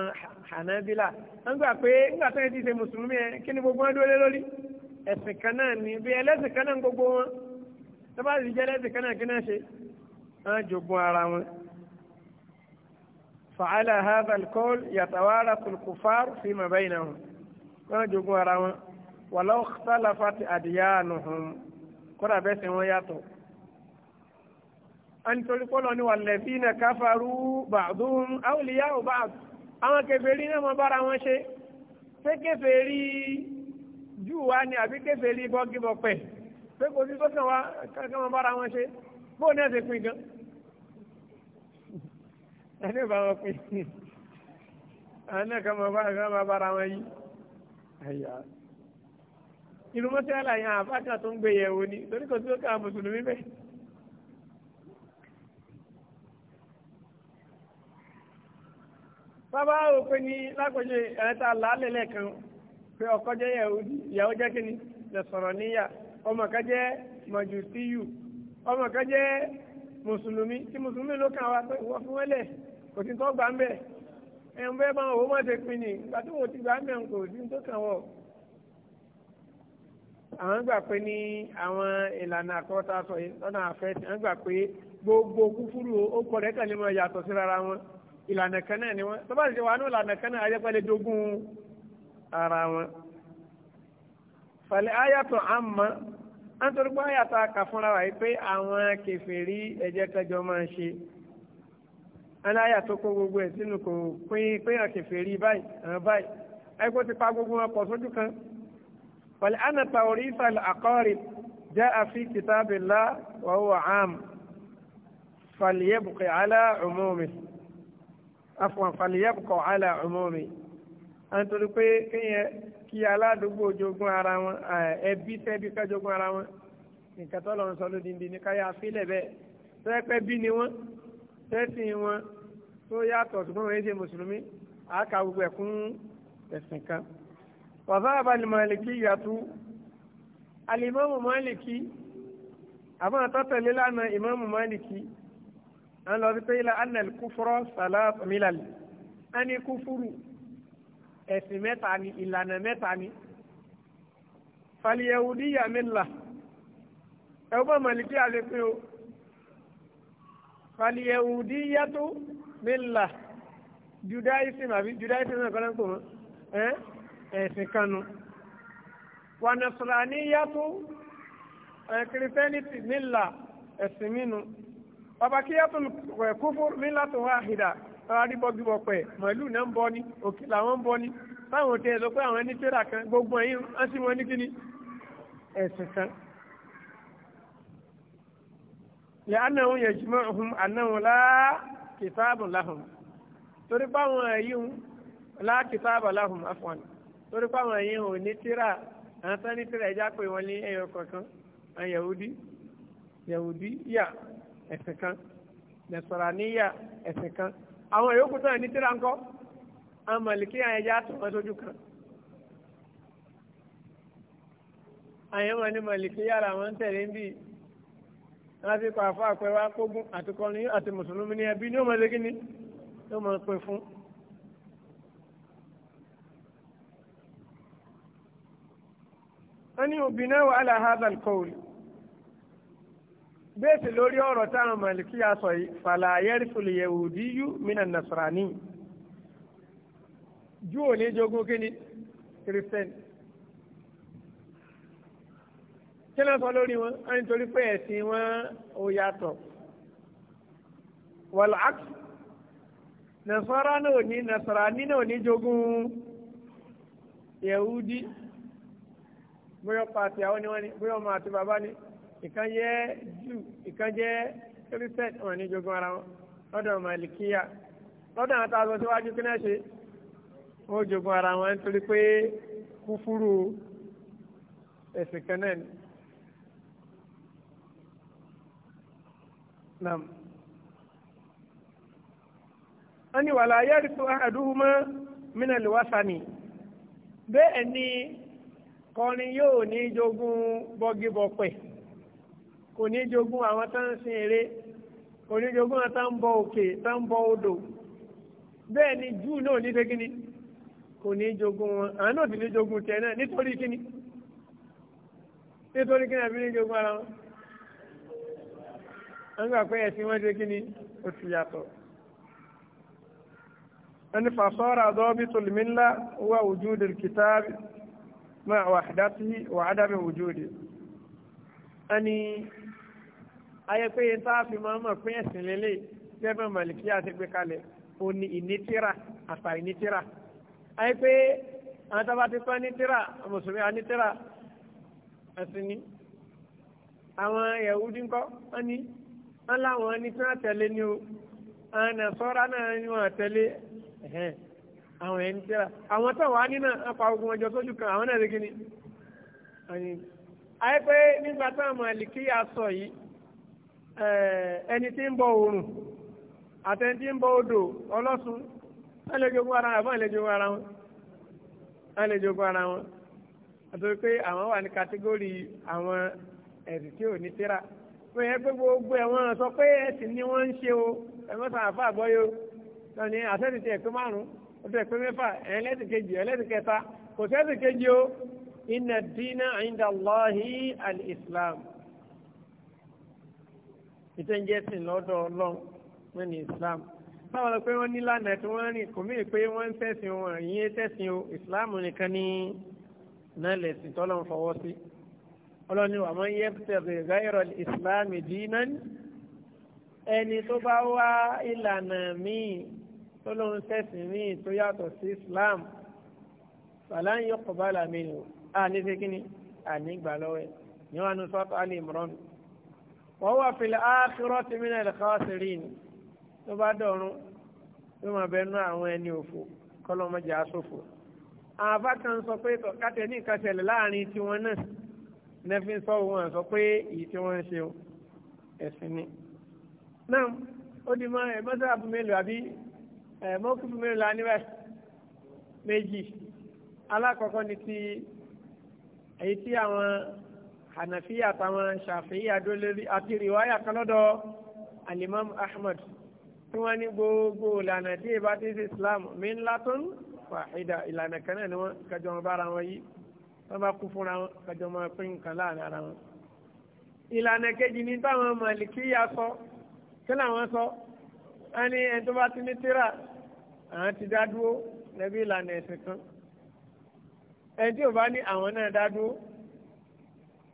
A: hànàbílà wọ́n gbà pé nígbà tó yẹ ti ṣe mùsùlùmí ẹ kí ni gbogbo wọn dúró lé lórí ẹ̀sìn kan náà ni bí ẹlẹ́sìn kan náà gbogbo wọn tó bá sì jẹ́ kan náà kí náà ṣe wọ́n jogun ara wọn. fàálà hadha alqawl yàtàwárà tulkufar fi mà bẹ́yìn náà wọ́n jogun ara wọn wàlọ́ sálàfàtì àdìyà nùhùn kó nítorí pọ́lọ́ ni wàlẹ̀bí na kafaru, bàdún áwòlìyá ò bá àwọn kèfèrí náà mọ bára wọn ṣe ṣé kèfèrí jù wá ni àbí kèfèrí bọ́gìbọ̀pẹ̀ pé kò sí tó kàn wá kankan mọ bára wọn ṣe bóun náà ṣe pin gan ẹni bá wọn pin àwọn náà kàn mọ bára wọn yí àyà ìlú mọ́tí àlàyé àbájá tó ń gbé yẹ̀wò ni torí kò sí tó kàn mùsùlùmí bẹ́ẹ̀. bàbá rò pé ní lágbèjì ẹ̀rẹ́ ọkọ jẹ́ jẹ́ ni, lè sọ̀rọ̀ níyà ọmọ kan jẹ́ màjùsíyù ọmọ kan jẹ́ mùsùlùmí tí mùsùlùmí ló kàn wá pé wọ́n fún wẹ́lẹ̀ kò sí tó gbà ń bẹ̀ ẹ̀ ń bẹ́ẹ̀ máa wò ó má ṣe pin ní ìgbà tí ti gbà ń bẹ̀ kò sí tó kàn wọ̀ àwọn gbà pé ní àwọn ìlànà gbogbo ó kọ̀ ìlànà kan náà ni wọ́n tó bá ti wà ní ìlànà kan náà ayẹ́pẹ́lẹ́ dógún ara wọn. fàlẹ́ ayàtọ̀ àmọ́ nítorí pé ayàtọ̀ àkà fúnra wà pé àwọn kèfèrí ẹ̀jẹ̀ kẹjọ máa ń ṣe ẹni ayàtọ̀ kó gbogbo ẹ̀ sínú kò pín péyàn kèfèrí báyìí àwọn báyìí ẹ̀kọ́ ti pa gbogbo wọn pọ̀ sójú kan. fàlẹ́ ànàtà orí ìsàlẹ̀ àkọ́rì jẹ́ àfi kìtàbìlá wàhùwà àm fàlẹ́ yẹ afwan falyabqa ala umumi à ń torí pé kéèyàn kí aládùúgbò jogún ara wọn eh, ẹbí sẹ́bí ká jogún ara wọn nǹkan tó lọ́n sọ ni ní káyà fílẹ̀ bẹ́ẹ̀ tẹ́pẹ́ bí ni wọ́n tẹ́sìn wọn tó yàtọ̀ tó fún ẹ̀ṣẹ̀ mùsùlùmí àáka gbogbo ẹ̀kún ẹ̀sìn kan. wàfà àbálì màlìkì yàtú alimọ́mù màlìkì àbọ̀n àtọ́tẹ̀lé lánàá ìmọ̀mù màlìkì à ń lọ sí pé ilà anel kúfúrọ́ sàlátù mílàlì á ní kúfúrù ẹ̀sìn mẹ́ta ni ìlànà mẹ́ta ni fàlìyẹ̀wùdíyà mẹ́la ẹ̀wọ́n bá màlìkí àlepin o fàlìyẹ̀wùdíyà tó mẹ́la judaism àbí judaism náà kọ́lá ń pò wọ́n ẹ̀sìn kanu wànàsàlàníyà tó kìrìsẹ́nìtì mẹ́la ẹ̀sìn mínu ọbàkíyàtò kúfúrú mílàtò wáhìdà arábíbọ́gbíbọ̀ pẹ̀ màálù náà ń bọ́ ní òkè làwọn ń bọ́ ní táwọn òtẹ́ ẹ̀ lọ pé àwọn ẹni tẹ́rà kan gbogbo ẹ̀yìn á sí wọn ní kíní ẹ̀sìn kan. yà á náà yẹ jùmọ̀ ọ̀hún ànáwọn láà kìtàbù láhùn torí báwọn ẹ̀yìn láà láhùn afọ́n torí báwọn ẹ̀yìn ò ní tẹ́rà àwọn tán ní pé wọ́n ní ẹ̀yọ kọ̀ọ̀kan ẹ̀sìn kan nẹ̀sọ̀ràníyà ẹ̀sìn kan àwọn yòókù tán ní tíra ńkọ́ àwọn màlìkí àyẹ̀ já tó wọn sójú kan. àyẹ̀ wọn ní màlìkí yàrá wọn ń tẹ̀lé ń bì láti kọ àfọ àpẹwà kógún àtikọrin àti mùsùlùmí ní ẹbí ní ó máa lé kíni ó máa pè fún. wọ́n ní obìnrin wà á kọ́ọ̀lù bẹ́ẹ̀sì lórí ọ̀rọ̀ táwọn màlìkí aṣọ yìí fàlà yẹ́rìfùlì yẹ̀wùdí yú mínà nàṣàrání jù ò ní jogún kíni kìrìsìtẹ́nì kí ló sọ lórí wọn á nítorí pé ẹ̀sìn wọn ò yàtọ̀ wàlàákì nàṣàrá náà ní nàṣàrání náà ní jogún yẹ̀wùdí bóyá pàtì àwọn ni wọ́n ní bóyá ọmọ àti bàbá ni ìkan jẹ́ jù ìkan jẹ́ kírísẹ́t wọn ní jogún ara wọn lọ́dọ̀ màlìkíyà lọ́dọ̀ àwọn tá a lọ síwájú kí náà ṣe wọ́n jogún ara wọn nítorí pé kúfúrú ẹ̀sìn kan náà ni. Nam. ani ní wàlá ayẹ́rì tó àdúhùmọ́ mínà lùwàsá ni. Bẹ́ẹ̀ ni kọrin yóò ní jogún bọ́gí bọ́pẹ̀ kò ní jogún àwọn tó ń sin eré kò ní jogún àwọn tó ń bọ òkè tó ń bọ odò bẹ́ẹ̀ ni júù náà ní kíni kò ní jogún wọn àwọn náà ti ní jogún tiẹ̀ náà nítorí kíni nítorí kíni àbí ní jogún ara wọn wọ́n gbà pé ẹ̀sìn wọn ṣe kíni ó yàtọ̀ ẹni fàṣọ́ra dọ́bí tòlùmílá wà wùjúdì kìtàbí máa wà àdáfi wà ádámi wùjúdì ẹni ayẹ pé yẹn tá a fi máa mọ̀ pín ẹ̀sìn lélẹ̀ gẹ́gẹ́ màlìkí àti gbé kalẹ̀ ó ní ìnítìrà àtà ìnítìrà ayẹ pé àwọn tá a bá ti pẹ́ nítìrà mùsùlùmí anítìrà ẹ̀sìn ni àwọn yahudi ńkọ́ wọ́n ní wọ́n láwọn ní tí wọ́n tẹ̀lé ni o àwọn nàṣọ́ra náà ni wọ́n tẹ̀lé ẹ̀hẹ́n àwọn ẹni tẹ́ra àwọn tó wà nínú apá ogun ọjọ́ sójú kan àwọn náà lè kí ni. ayé pé nígbà táwọn màlìkí yà sọ yìí Eh, ẹni tí ń bọ oòrùn àtẹni tí ń bọ odò ọlọ́sùn ara wọn àbọ̀ ara wọn ẹlẹ́jogún ara wọn àti pé àwọn wà ní kàtígórì àwọn ẹ̀sìn tí ò ní tíra pé ẹ pé gbogbo ẹ̀ sọ pé ẹ̀sìn ni wọ́n ń ṣe o ẹ̀mọ́sàn àfa àgbọ́yò lọ́ni àtẹ́sìn ti ẹ̀pẹ́ márùn ìtẹ́njẹ́sìn lọ́dọ̀ ọlọ́run wọn ni islam báwọn lọ pé wọ́n ní lánàá tí wọ́n rìn kò míì pé wọ́n ń tẹ̀sìn wọn ìyẹn tẹ̀sìn o islam nìkan ní náà lẹ̀sìn tọ́lọ́ ń fọwọ́ sí ọlọ́ni wà máa ń yẹ tẹ̀lé gáírọ̀ islam dínà ẹni tó bá wá ìlànà míì tó ló ń tẹ̀sìn míì tó yàtọ̀ sí islam fàlà ń yọ kọ̀bálà mi o àní ni àní gbà lọ́wọ́ ẹ̀ ní wọn á nu sọ́tọ̀ wọ́n wà fìlẹ̀ áàkìrọ́ ti mìíràn ẹ̀lẹ́kọ́ sírí ni tó bá dọ̀rùn yóò máa bẹ nú àwọn ẹni òfò kọ́lọ́mọjà sófò. àwọn abákan sọ pé káte ní nǹkan ṣẹlẹ̀ láàrin tiwọn náà nẹ́fí sọ wọn sọ pé èyí tí wọ́n ń ṣe ẹ̀sìn ni. náà ó di mọ́ ẹ̀ mọ́sáàbù mélòó àbí ẹ̀ mọ́kùnfù mélòó la níbẹ̀ méjì alákọ̀ọ́kọ́ ni ti èyí tí àwọn hànàfíà àtàwọn ṣàfihàn adólérí àti rìwáyà kan lọ́dọ̀ alimami ahmed tí wọ́n ní gbogbo ìlànà tí ìbá ti ṣe islam mi ńlá tó ń fàáhídà ìlànà kan náà ni wọ́n kájọ wọn bára wọn yí wọ́n bá kú fúnra wọn kájọ wọn pín nǹkan láàrin ara wọn. ìlànà kejì ní táwọn màlìkíyà sọ kí làwọn sọ wọn ní ẹni tó bá ti ní tíra àwọn ti dá dúró lẹ́bí ìlànà ẹ̀sìn kan ẹni tí ò bá ní àwọn náà dá dúró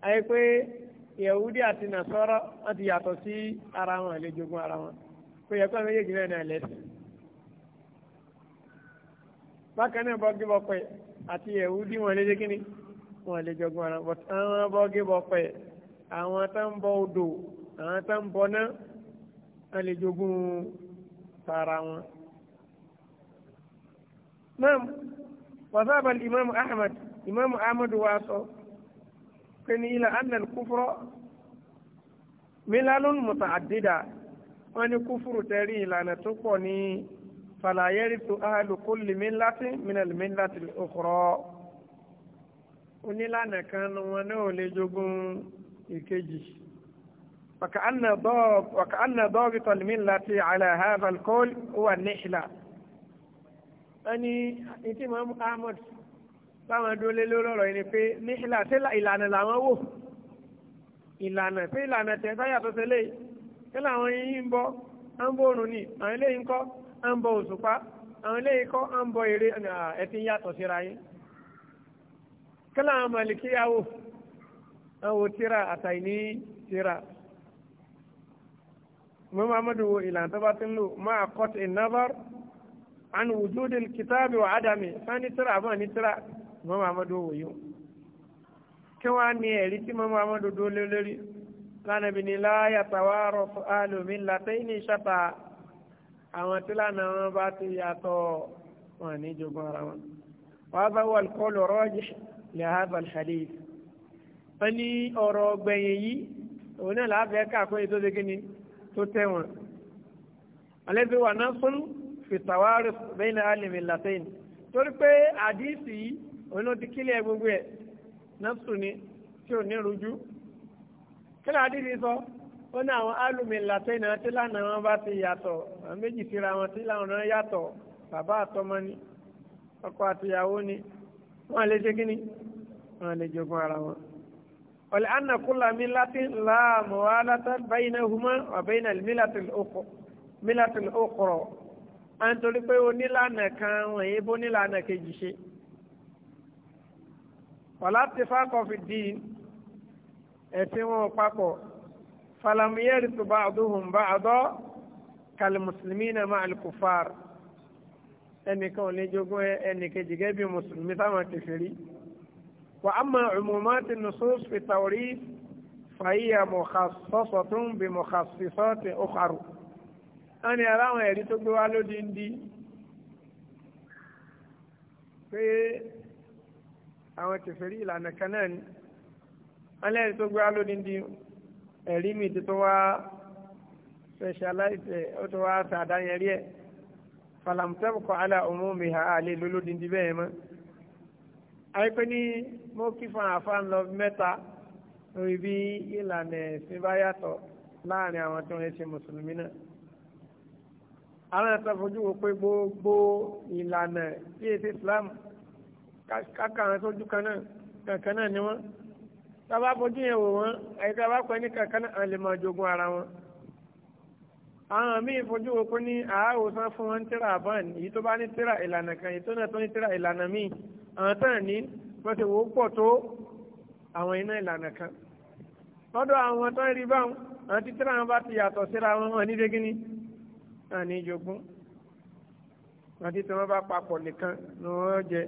A: ayé pé yahudi àti nasọrọ wọn ti yàtọ̀ sí ara wọn lè jogún ara wọn kò yẹ kó àwọn méjèèjì náà náà lẹ́sìn. bákan náà bọ́gí bọ́pẹ́ àti yahudi wọn lè jẹ́ kínní wọn lè jogún ara wọn àwọn bọ́gí bọ́pẹ́ àwọn tó ń odò àwọn tó ń náà wọn lè tara wọn. náà wàsáàbà imaamu ahmed imaamu ahmed wàásọ pé ní ilẹ̀ anel kúfúrọ́ milalun muta'addida wọ́n ní kúfúrú tẹ̀rí ìlànà tó pọ̀ ní fàlàyẹ́rì tó ahlu kulli millati minal millati ukhra onílànà kan wọn náà lè jogún ìkejì. وكأن ضابط الملة على هذا القول هو النحلة. أني أنت إمام أحمد táwọn dúró lé lórí ọ̀rọ̀ yìí ni pé níhìlá ṣé ìlànà làwọn wò ìlànà pé ìlànà tẹ̀ táyà tó ṣe léyìí ṣé làwọn yìí ń bọ́ à ń bọ́ òrùn ni àwọn eléyìí ń kọ́ à ń bọ òṣùpá àwọn eléyìí kọ́ à ń bọ eré ẹ̀sìn yàtọ̀ síra yín kí làwọn màlìkíyàwó àwọn tíra àtàìní tíra imam amadu wo ìlànà tó bá ti ń lò máa kọ́t ìnáfàr an wujudil kitabi wa adami sani tíra àbọ̀ ní tíra mọ́ mamadu wò yó kí wọ́n á ní ẹ̀rí tí mọ́ mamadu dó lé lórí lánàá bí ní láyà tàwárọ̀ alòmí látẹ́yìn ní ṣàtà àwọn tí lánàá wọn bá ti yàtọ̀ wọn ní jogún ara wọn. wàá bá wà kọlù rọ́ọ̀jì lè ha bàl ní ọ̀rọ̀ gbẹ̀yìn yìí òun náà láàbẹ̀ káàkó ètò ṣe kíni tó tẹ̀ wọ́n. alẹ́ bí náà fún fìtàwárọ̀ bẹ́ẹ̀ ní alìmí látẹ́yìn torí pé àdìsí yìí òun ló ti kílẹ̀ gbogbo ẹ̀ nọ́ọ̀sù ni tí ò ní rújú kí ló adé ti sọ ó ní àwọn alùmílà tó iná tí lánàá wọn bá ti yàtọ̀ àwọn méjì síra wọn tí lánàá wọn yàtọ̀ bàbá àtọmọ ni ọkọ àtìyàwó ni wọn lè ṣe kíni wọn lè jogún ara wọn. ọ̀lẹ́ anakula milati la mọ̀wálátà báyìí huma ọ̀bẹ́ iná milati okoro à ń torí pé onílànà kan wọ̀nyí bó nílànà kejì ṣe wàlá ti fákọ̀fì dín ẹ̀sìn wọn papọ̀ falamiyẹ́rì tó bá àdúhùn bá àdọ́ kàlí mùsùlùmí náà máa lè kó far ẹnìkan ò lè jogún ẹnìkejì gẹ́gẹ́ bí mùsùlùmí táwọn kèfèrí. وأما عمومات النصوص في التوريث فهي مخصصة بمخصصات أخرى أنا أرى ما يريد تقول دين دي pé àwọn kèfèrí ìlànà kan náà ni wọ́n lẹ́yìn tó gbá lónìí di ẹ̀rí mi tó tó wá specialize ó tó wá sàdáyẹrí ẹ̀ falamtẹ́bù kọ́ alá òmù mi hà á lè lólódì di bẹ́ẹ̀ mọ́. àìpé ní mo kí fún àáfàá lọ mẹ́ta lórí bí ìlànà ẹ̀sìn bá yàtọ̀ láàrin àwọn tó ń ṣe mùsùlùmí náà àwọn ẹ̀sán fojú wo pé gbogbo ìlànà tí èsì Islam kákàrán sójú kan náà kankan náà ni wọ́n tábà fojú yẹn wò wọ́n àyíká bá pẹ́ ní kankan náà àwọn lè máa jogún ara wọn. àwọn míì fojú wo pé ní àáwòsàn fún wọn tíra àbọ̀n èyí tó bá ní tíra ìlànà kan èyí tó náà tó ní tíra ìlànà míì àwọn tán ní wọ́n ti wò ó pọ̀ tó àwọn iná ìlànà kan. lọ́dọ̀ àwọn tó rí báwọn àwọn títíra wọn bá ti yàtọ̀ síra wọn wọn ní dégínní àní jogún àti tí wọ́n bá papọ̀ nìkan ni wọ́n jẹ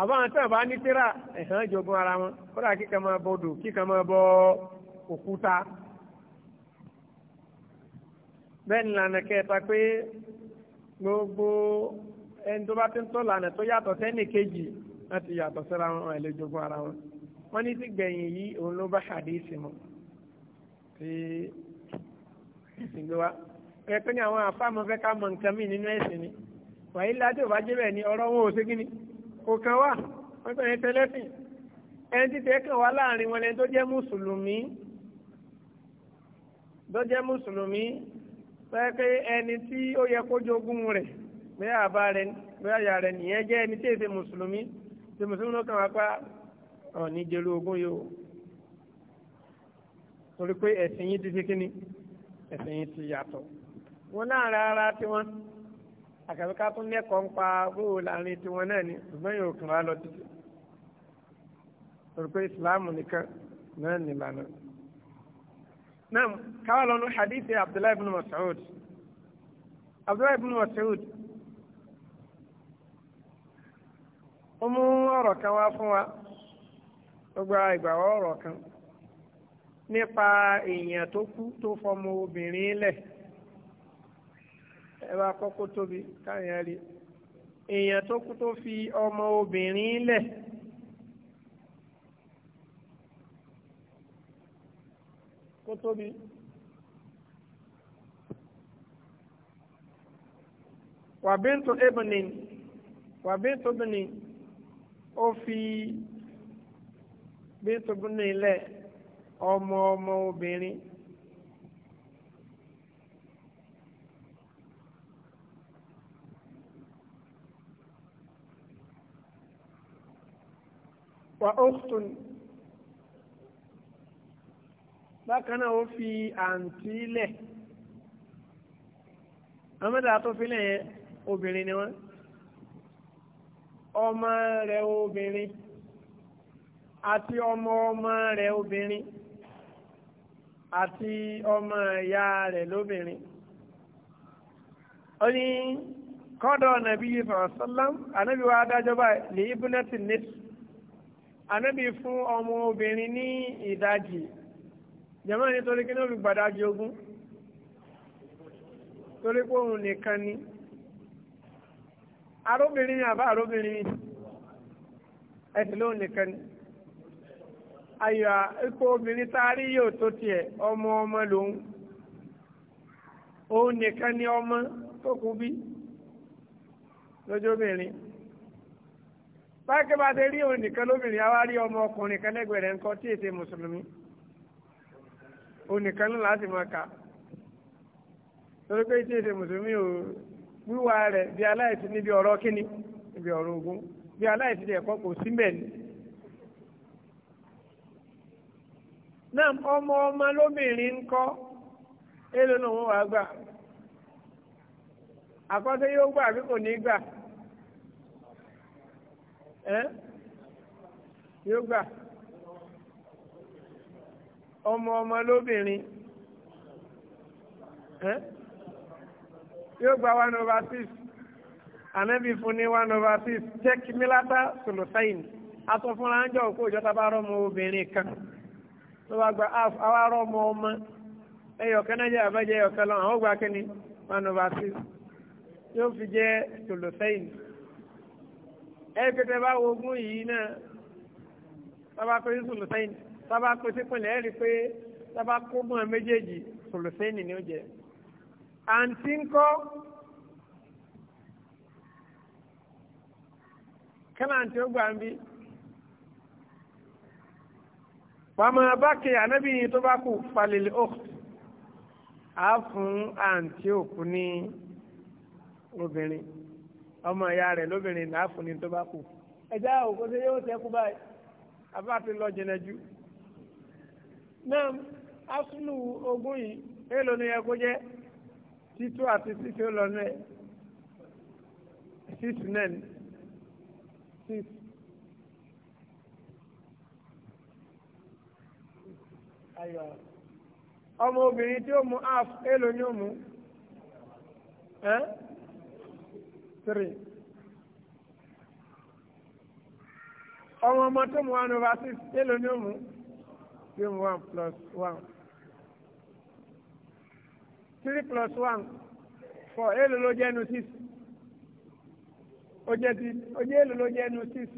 A: àbáwọn tí àbá ní tíra ẹ̀hán jogun ara wọn kódà kíkà máa bọ odò kíkà máa bọ òkúta bẹ́ẹ̀ ni lànà kẹta pé gbogbo ẹni tó bá ti ń tọ́ lànà tó yàtọ̀ sẹ́nì kejì láti yàtọ̀ síra wọn ẹ̀ lè jogun ara wọn wọ́n ní sí gbẹ̀yìn yìí òun ló bá hadisi mu tí ìsìnkú wa ẹ pé ní àwọn àfáàmọ́fẹ́ ká mọ nǹkan mí nínú ẹ̀sìn ni wàyí ládé ò bá jẹ́ bẹ́ẹ̀ ni ọ̀rọ̀ wọn ò sí ni kò kan wà wọ́n tẹ̀lé tẹlẹ́sìn ẹni títẹ̀ kàn wá láàrin wọn lẹni tó jẹ́ mùsùlùmí tó jẹ́ mùsùlùmí pẹ́ẹ́pẹ́ ẹni tí ó yẹ kó jogún rẹ̀ bẹ́ẹ̀ àbá rẹ̀ bẹ́ẹ̀ àyà rẹ̀ nìyẹn jẹ́ ẹni tí èsè mùsùlùmí tí mùsùlùmí ló kàn wá pa ọ̀ní jẹ́lu ogún yìí o torí pé ẹ̀sìn yìí ti fi kíni ẹ̀sìn yìí ti yàtọ̀ wọn náà rárá tí wọ́n àkàbí ká tún lẹ́kọ̀ọ́ ń pa bóò láàrin tiwọn náà ni ṣùgbọ́n yóò kàn wá lọ títí torípé ìsìláàmù nìkan náà nìlànà. náà káwá lọ́nu hadithi abdullahi ibn Masoud. abdullahi ibn Masoud. ó mú ọ̀rọ̀ kan wá fún wa gbogbo ìgbà ọ̀rọ̀ kan nípa èèyàn tó kú tó fọmọ obìnrin lẹ̀. ẹ bá kọ́kọ́ tóbi káyọ̀ rí èèyàn tó kú tó fi ọmọ obìnrin lẹ̀ kó tóbi. wàbíntò ebìnrin wàbíntò obìnrin ó fi bíntò obìnrin lẹ̀ ọmọ ọmọ obìnrin. وأخت bákan náà ó fi àǹtí lẹ̀ amẹ́ta tó fi lẹ̀ yẹn obìnrin ni wọ́n ọmọ rẹ̀ obìnrin àti ọmọ ọmọ rẹ̀ obìnrin àti ọmọ ìyá rẹ̀ lóbìnrin ó ní kọ́dọ̀ nàbí yìí sọ̀rọ̀ sọ́lá adájọ́ báyìí ní ibùnẹ́tì nẹ́sì anábì fún ọmọ obìnrin ní ìdajì jẹ́mọ́ nítorí kí ní òbí gbàdájì ogún torí pé òun nìkan ni aróbìnrin ni àbá aróbìnrin ni ẹ̀sìn lóun nìkan ni ayọ̀ ikú obìnrin táárí yóò tó tiẹ̀ ọmọ ọmọ lòun òun nìkan ni ọmọ tó kú bí lójóbìnrin. báyìí bá ṣe rí òun nìkan lóbìnrin àwa rí ọmọ ọkùnrin kan lẹ́gbẹ̀ẹ́ rẹ̀ tí ètè mùsùlùmí òun nìkan ló láti máa kà pé tí ètè mùsùlùmí ò wíwá rẹ̀ bí aláìsí níbi ọ̀rọ̀ kíni níbi ọ̀rọ̀ ogun bí aláìsí kò ọmọ ọmọ lóbìnrin èlò náà wọ́n gbà àkọ́sẹ́ yóò ẹ́ yóò gbà ọmọ ọmọ lóbìnrin ẹ́ yóò gba one over six anabi fún ní one over six check milata solosain atọ́fúnra ń jọ òkú ìjọba bá rọmọ obìnrin kan tó bá gba half awa rọmọ ọmọ ẹyọkan náà jẹ àbájẹ ẹyọkan lọ àwọn gba kínní one over six yóò fi jẹ solosain. ẹ̀ẹ́dẹ̀dẹ̀ bá wo ogún yìí náà sábà pé sùlùsẹ́yìn sábà pé sípìnlẹ̀ ẹ̀rí pé sábà kó mọ́ ẹ méjèèjì sùlùsẹ́yìn ni ó jẹ. àǹtí ń kọ́ kẹ́nà àǹtí ó gbà ń bí. wàmọ̀ abákè ànábìyí tó bá kù falẹ̀lẹ̀ ọ̀h á fún àǹtí òkú ní obìnrin ọmọ ìyá rẹ̀ lóbìnrin láàfúnni tó bá kù ẹ̀já òkú ṣe yóò ṣẹ́kù báyìí abá ti lọ jìnà jù náà asúlù ogún yìí èèlò ni ẹkú jẹ́ títú àti títú lọ́nà ẹ̀ six nine six. ọmọ obìnrin tí ó mu half èèlò ni ó mu three ọmọ ọmọ tó mu one over six èlò ni ó mu yóò mu one plus one three plus one four èlò ló jẹ́ nu six ó jẹ́ ti ó jẹ́ èlò ló jẹ́ nu six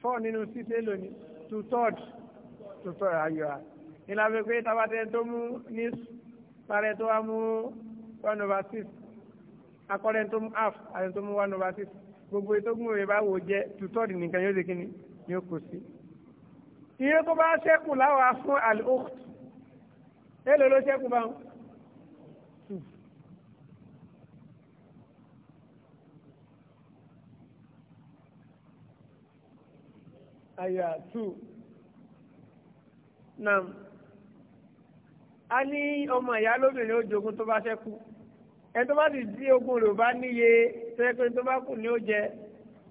A: four nínú six èlò ni two third two third ayọ̀ a ìlànà pé tabatẹ́ tó mú ní parẹ́ tó wá mú one over six akọ́rẹ́ tó Af, half àti tó mú one over six gbogbo ètò gbogbo rẹ̀ bá wò jẹ́ two third nìkan yóò ṣe kí ni yóò kò sí. iye tó bá ṣẹ́kù láwa fún al-ukht èlò ló ṣẹ́kù báwọn. àyà two nam a ní ọmọ ìyá lóbìnrin ó jogún tó bá ṣẹ́kù ẹni tó bá sì di ogún rẹ̀ ò bá níye tẹ́ pé tó bá kù ní ó jẹ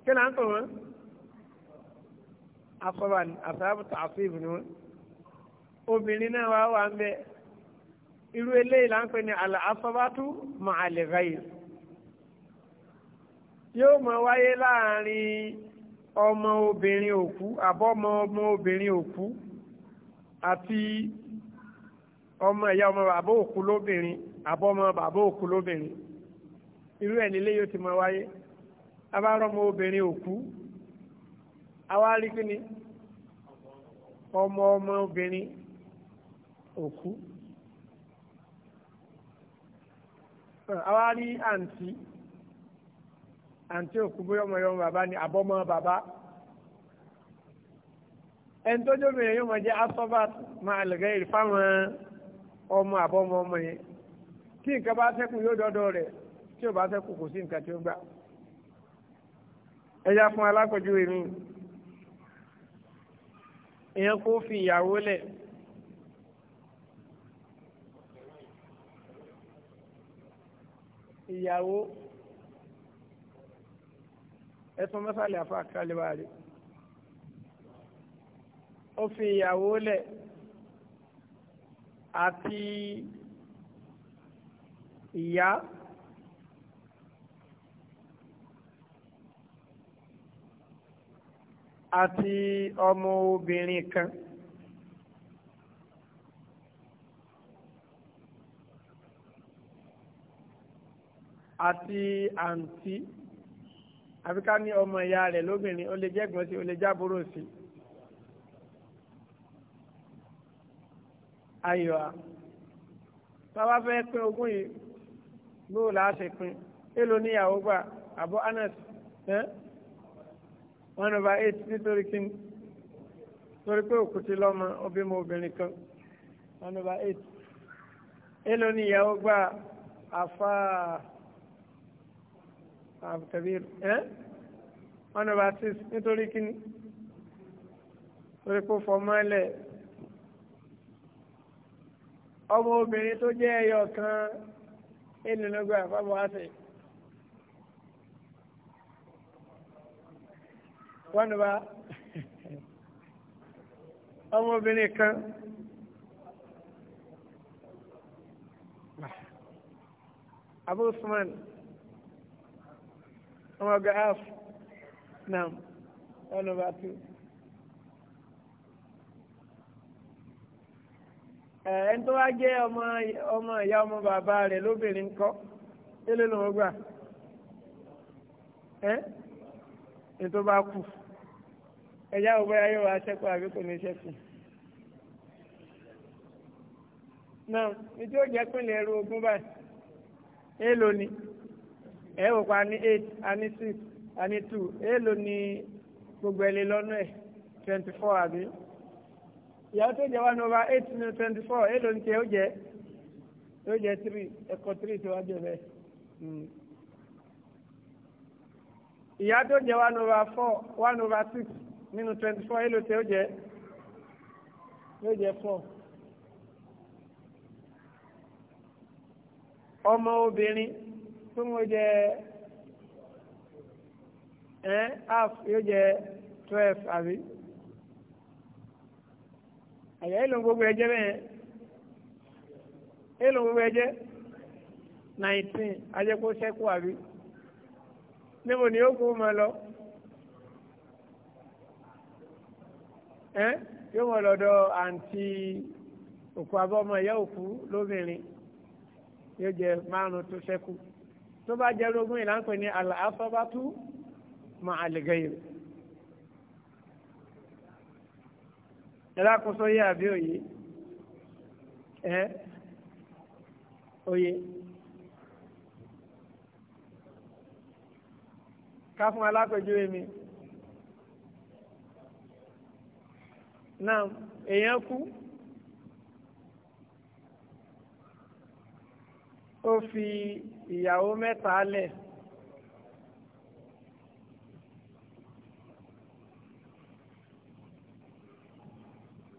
A: kí là ń pè wọ́n akọba àfẹ́bùtà àfíìbù ni wọ́n obìnrin náà wá wà ń bẹ irú eléyìí là ń pè ní àlà asọ́bátú mà àlè gáyè yóò mọ wáyé láàrin ọmọ obìnrin òkú àbọ̀mọ ọmọ obìnrin òkú àti ọmọ ìyá ọmọ bàbá òkú lóbìnrin àbọ́mọ bàbá òkú lóbìnrin irú ẹ̀ nílé yóò ti máa wáyé abárọ́mọ obìnrin òkú awárí kíni ọmọ ọmọ obìnrin òkú awárí àǹtí àǹtí òkú bóyá ọmọ yọmọ bàbá ni àbọ́mọ bàbá ẹni tó jóbìnrin yóò máa jẹ́ asọ́bà máa lẹ̀gẹ́ ìfáwọn ọmọ àbọ́mọ ọmọ yẹn tí nǹkan bá ṣẹ́kù yóò dọ́dọ̀ rẹ̀ tí ò bá ṣẹ́kù kò sí nǹkan tí ó gbà. ẹja fún alákọ̀júwe mi èèyàn kò fi ìyàwó lẹ̀ ìyàwó ẹtún mọ́sálẹ̀ àfa kálíwá rẹ̀ ó fi ìyàwó lẹ̀ àti ìyá àti ọmọ obìnrin kan. àti àǹtí àbí ká ní ọmọ ìyá rẹ̀ lóbìnrin ó lè jẹ́ ẹ̀gbọ́n sí ó lè jábúrò sí. ayọ̀ a bá wá fẹ́ pín ogún yìí lóò láṣẹ pin èlò níyàwó gbà àbọ̀ anas one over eight nítorí kíni torí pé òkùtì lọ́mọ obìnrin obìnrin kan one over eight èlò níyàwó gbà àfa àbùkàbíir one over six nítorí kíni torí pé fọmọ ọmọ obìnrin tó jẹ́ ẹyọ kan enunogba fábọ̀ àṣẹ. wọ́n ní bá ọmọbìnrin kan Abu Usman ọmọ ọgá af nam ọ̀nà bá tún. Eh, ẹni tó wá jẹ́ ọmọ ọmọ ìyá ọmọ bàbá rẹ̀ lóbìnrin kọ́ ilé ló ń gbà eh? ẹ́ ní tó bá kù ẹ̀yà òbí ayé wa ṣẹ́kù àbí kò ní ṣẹ́kù. náà ní tí ó jẹ́ pínlẹ̀ ẹrú ogún báyìí èèlò ni ẹ̀ wò pa ní eight àní six àní two èèlò ni gbogbo ẹ̀ lè lọ́nà ẹ̀ twenty four àbí ìyàwó tó jẹ́ one over eight nínú twenty four èlò ní tiẹ̀ ó jẹ́ ó jẹ́ three ẹ̀kọ́ three tó wá jẹ́ bẹ́ẹ̀. Hmm. ìyá tó jẹ́ one over four one over six nínú twenty four èlò tí ó jẹ́ ó jẹ́ four. ọmọ obìnrin tó mo jẹ ẹ́ half yóò jẹ twelve àbí. àyà elu gbogbo ẹjẹ bẹ́ẹ̀ èlò gbogbo ẹjẹ nineteen ajẹ́kó sẹ́kù àbí níbo ni ó kú mọ lọ ẹ yóò mọ lọ́dọ̀ àǹtí òkú abọ́mọ ìyá òkú lóbìnrin yóò jẹ márùn tó sẹ́kù tó bá jẹ́ lógún ìlànà pé ní àlàáfọ́ bá tú mọ ẹlákòóso yé àbí òye ẹ òye ká fún alápèjúwe mi náà èèyàn kú ó fi ìyàwó mẹ́ta lẹ̀.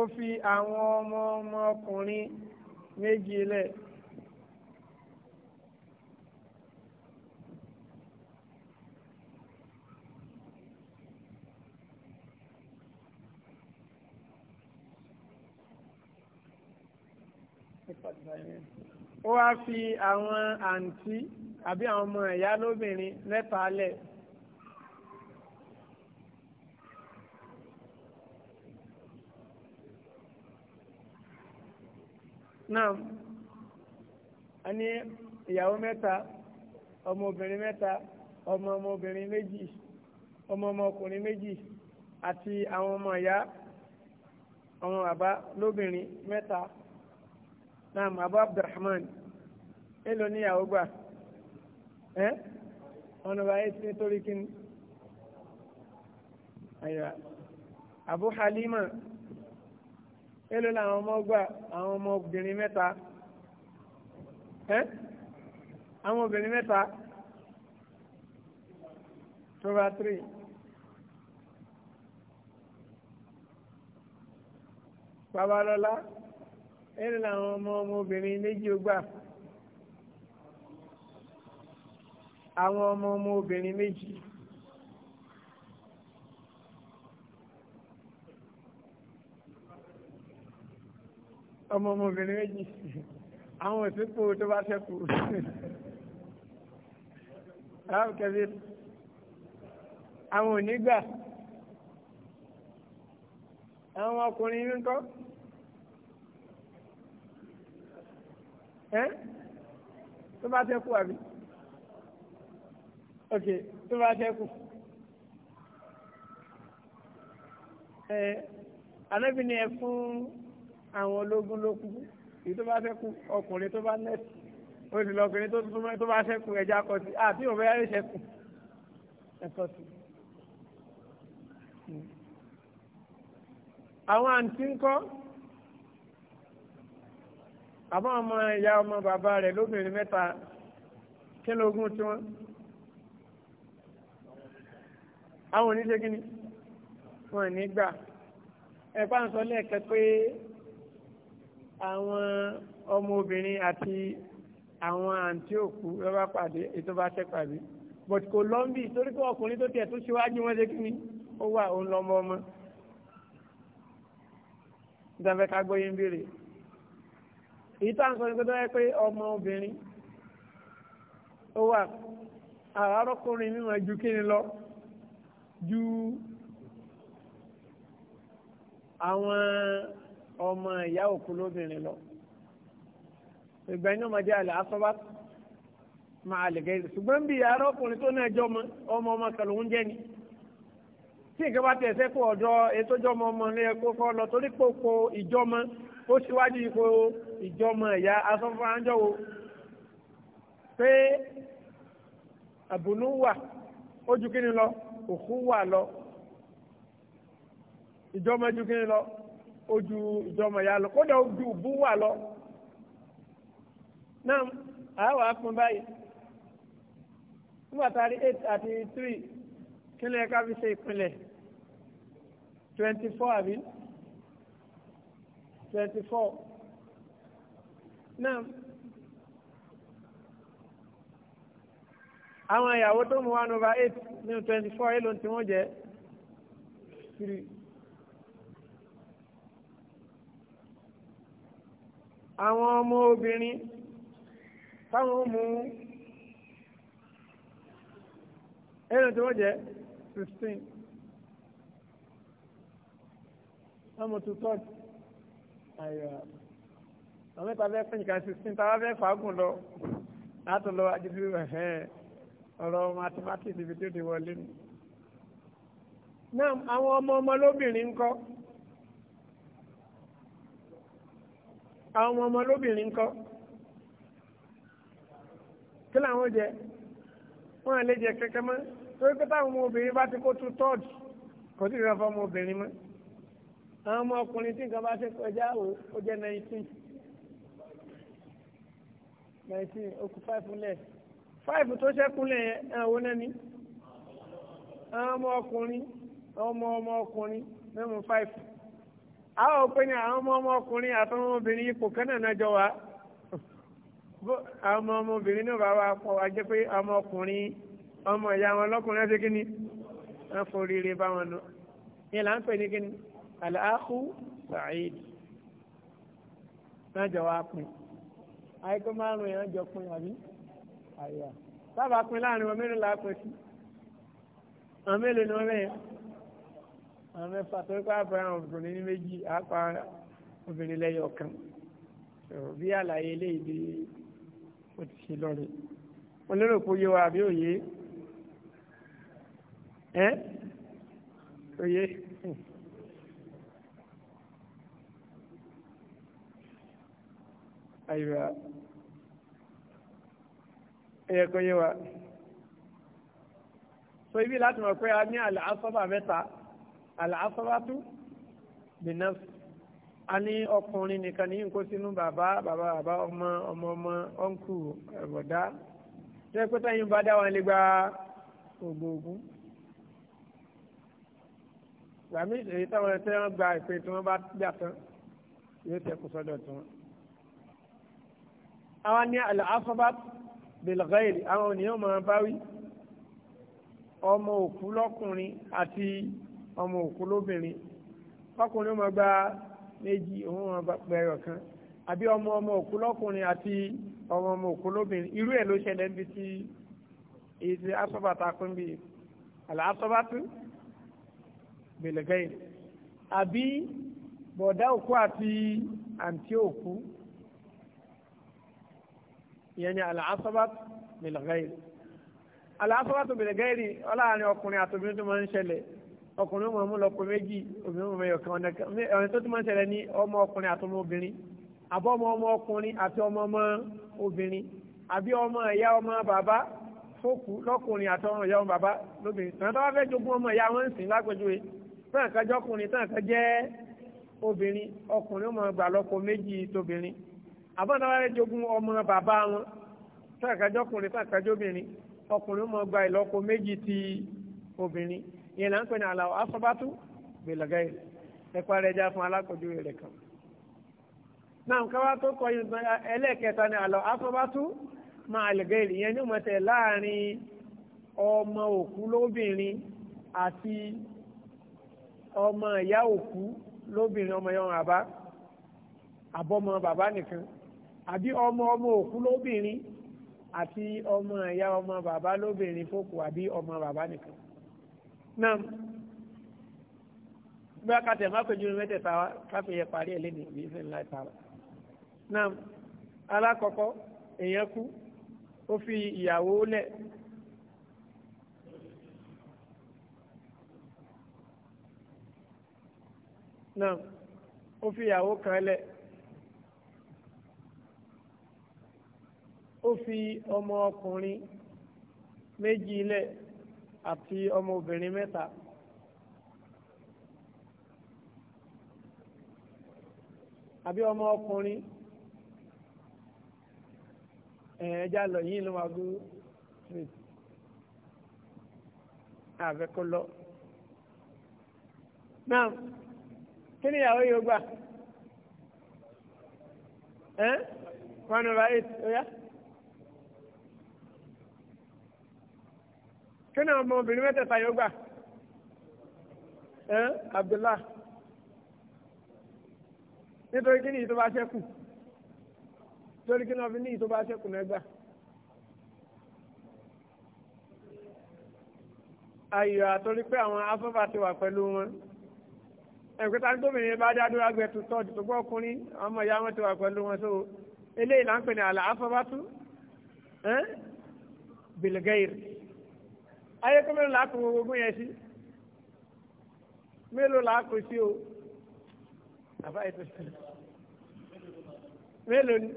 A: ó fi àwọn ọmọ ọmọkùnrin méjì lẹ̀. ó wá fi àwọn àǹtí àbí àwọn ọmọ ìyá lóbìnrin mẹ́ta lẹ̀ náà a ní ìyàwó mẹ́ta ọmọbìnrin mẹ́ta ọmọ ọmọbìnrin méjì ọmọ ọmọkùnrin méjì àti àwọn ọmọ ìyá ọmọ bàbá lóbìnrin mẹ́ta náà abu abdulrahman èlò níyàwó gbà ẹ́ ọ̀nà bá yẹ ti nítorí kí ni abu halima èló làwọn ọmọ gbà àwọn ọmọbìnrin mẹ́ta ẹ́ àwọn obìnrin mẹ́ta tó bá three. babalọ́lá èló làwọn ọmọ ọmọbìnrin méjì ó gbà àwọn ọmọ ọmọbìnrin méjì. ọmọ ọmọbìnrin méjì àwọn òsìnkú tó bá ṣẹ́kù ráàbù kẹfì àwọn onígbà àwọn ọkùnrin ń kọ́ ẹ́ tó bá ṣẹ́kù àbí ok tó bá ṣẹ́kù ẹ̀ anábìnrin ẹ̀ fún àwọn ológun ló kú èyí tó bá ṣẹ́kù ọkùnrin tó bá nẹ́ẹ̀sì oṣù lọkùnrin tó tuntun tó bá ṣẹ́kù ẹja kọ sí àti òun bẹ́ẹ̀ ṣẹ́kù ẹ̀kọ́ sí. àwọn àǹtí ń kọ́ àbọ̀ ọmọ ìyá ọmọ bàbá rẹ̀ lóbìnrin mẹ́ta kí lógún tí wọ́n àwọn oníṣẹ́ kí ni wọ́n ní gbà ẹ̀pá ń sọ lẹ́ẹ̀kẹ́ pé àwọn ọmọbìnrin àti àwọn àǹtí òkú ló bá pàdé ètò bá tẹ́ pàdé but kò lọ́ńbì torí pé ọkùnrin tó tiẹ̀ tó ṣíwájú wọn ṣe kí ni ó wà òun lọ́mọ ọmọ ìdàbẹ̀ ká gbóyè ń béèrè èyí tá à ń sọ ní pé tó yẹ pé ọmọ obìnrin ó wà àárọ̀kùnrin mímọ̀ ju kíni lọ ju àwọn ọmọ ìyá òkú lóbìnrin lọ ìgbà iná ọmọdé àlẹ asọ́bá máa lè gẹ́gẹ́ ṣùgbọ́n bí yàrá ọkùnrin tó náà jọmọ ọmọ ọmọ kan lòún jẹ́ ni tí nǹkan bá tẹ̀ sẹ́kù ọ̀dọ́ ètò ìjọmọ ọmọ ní ẹ̀kọ́ kọ́ lọ torí pòpò ìjọmọ ó síwájú ipò ìjọmọ ìyá asọ́fún àńjọ́wò pé àbùnú wà ó kí ni lọ òkú wà lọ ìjọmọ ju kí ni lọ ojú ìjọmọ ya lọ kódà ojú ìbú wà lọ náà àáwọ̀ afún báyìí nígbà tá eight àti three kílẹ̀ ká fi ṣe ìpínlẹ̀ twenty four àbí twenty four náà àwọn ìyàwó tó mú one over eight nínú twenty four èlò tí wọ́n jẹ́ three. àwọn ọmọ obìnrin táwọn mú ẹ̀rọ tí wọ́n jẹ́ sixteen ọmọ tó tọ́jú àyà àwọn mẹ́ta fẹ́ pín nǹkan sixteen táwa fẹ́ fàágùn lọ láti lọ adìsí ọ̀rọ̀ mathematics ibi tó ti wọlé nù. náà àwọn ọmọ ọmọ lóbìnrin ń kọ́. àwọn ọmọ ọmọ lóbìnrin ńkọ́ kí làwọn jẹ wọn àlè jẹ kẹkẹ mọ́ torí pé táwọn ọmọ obìnrin bá ti kó tu tọ́ọ̀dù kò sí ìrọ̀fọ́ ọmọ obìnrin mọ́ àwọn ọmọ ọkùnrin tí nǹkan bá ṣe kọjá ó jẹ́ nineteen nineteen ó five lẹ̀ five tó ṣẹ́kúnlẹ̀ yẹn àwọn náà ni àwọn ọmọ ọkùnrin ọmọ ọmọ ọkùnrin mẹ́mu five àwọn òpin ni àwọn ọmọ ọmọkùnrin àtọmọ obìnrin ipò kan náà nájọ wa àwọn ọmọ ọmọbìnrin náà bá wa pọ̀ wá jẹ́ pé ọmọkùnrin ọmọ ìyá wọn lọ́kùnrin ẹ̀sìn kínní wọ́n foríire bá wọn lọ ni, là ń pè ní kínní àlàáhù sàáìd nájọ wa pin àìkú márùn-ún yẹn jọ pin àbí àyà sábà pin láàrin wọn mélòó la pin sí wọn mélòó ni wọn bẹ́ẹ̀ àwọn mẹ́fà tó kọ́ àfẹ́ràn ọkùnrin ní méjì àpá obìnrin lẹ́yìn ọ̀kan bí àlàyé eléyìí bí ó ti ṣe lọ rẹ̀ mo lérò pé yé wa àbí òye ẹ́ òye. ayiwa ẹ̀yẹ kò yé wa so ibi láti mọ̀ pé a ní àlẹ́ asọ́bà mẹ́ta àlàáfáwátú bìnẹ́f a ní ọkùnrin nìkan ní nǹkó sínú bàbá bàbá bàbá ọmọ ọmọ ọmọ ọ̀nkù ẹ̀bọ̀dá tó ẹ̀kọ́ tẹ́yìn bá dá wọn lè gba ògbóògùn gbàmí èyí táwọn ẹ̀tẹ́ wọn gba ìpè tí wọ́n bá gbà tán yóò tẹ̀kù sọ́dọ̀ tí wọ́n. àwọn ní àlàáfáwátú bìlgẹ́ẹ̀lì àwọn ènìyàn máa báwí ọmọ òkú lọ́kùnrin àti ọmọ òkú lóbìnrin ọkùnrin ọmọ gba méjì òun ọmọ gbẹrọ kan àbí ọmọ ọmọ òkú lọkùnrin àti ọmọ ọmọ òkú lóbìnrin irú ẹ̀ ló ṣẹlẹ̀ níbi tí èyí ti asọ́bàtà pín bíi àlà asọ́bàtú bèlègẹ́yìn àbí bọ̀dá òkú àti àǹtí òkú ìyẹn ni àlà asọ́bàtú bèlègẹ́yìn àlà asọ́bàtú bèlègẹ́yìn ọlọ́àrin ọkùnrin àtòbìnrin ń ṣẹlẹ̀ ọkùnrin ọmọ ọmọ lọkọ méjì obìnrin ọmọ ẹyọkan ọ̀nà tó tún máa ń ṣẹlẹ̀ ní ọmọ ọkùnrin àti ọmọ obìnrin àbọ̀ ọmọ ọmọ ọkùnrin àti ọmọ ọmọ obìnrin àbí ọmọ ìyá ọmọ bàbá fókù lọkùnrin àti ọmọ ìyá ọmọ bàbá lóbìnrin tàn tó wá fẹ́ jogún ọmọ ìyá wọn ń sìn lágbèjúwe tàn kan jẹ́ ọkùnrin tàn kan jẹ́ obìnrin ọkùnrin ọmọ gbà lọkọ méjì tóbìnrin àbọ̀ tó wá fẹ́ jogún ọmọ bàbá wọn tàn kan jẹ́ ọkùnrin tàn kan jẹ́ obìnrin ọkùnrin ọmọ gbà ìlọ́kọ méjì ti obìnrin ìyẹn là ń pè ní aláwọ̀ asọ́bátú gbèlọ́gà yìí ẹ̀kọ́ rẹ̀ já fún alákòjú rẹ̀ kan. náà káwá tó kọ yìí tán ẹlẹ́ẹ̀kẹta ní aláwọ̀ asọ́bátú máa lẹ̀gà yìí ìyẹn ní mọ̀tẹ̀ láàrin ọmọ òkú lóbìnrin àti ọmọ ìyá òkú lóbìnrin ọmọ ìyá ọ̀run àbá àbọ̀mọ bàbá nìkan àbí ọmọ ọmọ òkú lóbìnrin àti ọmọ ìyá ọmọ bàbá lóbìnrin fòkù àbí ọmọ bàbá nìkan nam bí a kàtẹ́ má pèjú mẹ́tẹ̀ẹ̀ta wa káfíń yẹ parí ẹ̀ lẹ́nu ìbí ìfẹ́ ńlá ìtara náà alákọ̀ọ́kọ́ èèyàn kú ó fi ìyàwó lẹ̀ náà ó fi ìyàwó kan lẹ̀ ó fi ọmọ ọkùnrin méjì lẹ̀ àti ọmọbìnrin mẹ́ta. àbí ọmọ ọkùnrin ẹ̀ẹ́dá lọ yìí ló máa gbó street àbẹ̀kọ lọ. náà kí ni ìyàwó yóò gbà? ẹ́ one over eight ó Oh yeah? kíni ọmọ obìnrin mẹ́tẹ̀ẹ̀ta yóò gbà ẹ́ Abdullah nítorí kíni ìtọ́ bá ṣẹ́kù torí kíni ọ̀fi ní ìtọ́ bá ṣẹ́kù náà gbà. ayọ̀ àtọ́rí pé àwọn afọ́fà ti wà pẹ̀lú wọn ẹ̀kọ́ta ní tóbìnrin bá dádúró agbẹ̀tù tọ́jú tó gbọ́ ọkùnrin ọmọ ìyá wọn ti wà pẹ̀lú wọn so eléyìí là ń pè ní àlà afọ́fà tún bìlgẹ́yìrì ayé kó mélòó làákùn gbogbo yẹn sí mélòó làákùn sí o àbá ètò sí mélòó ni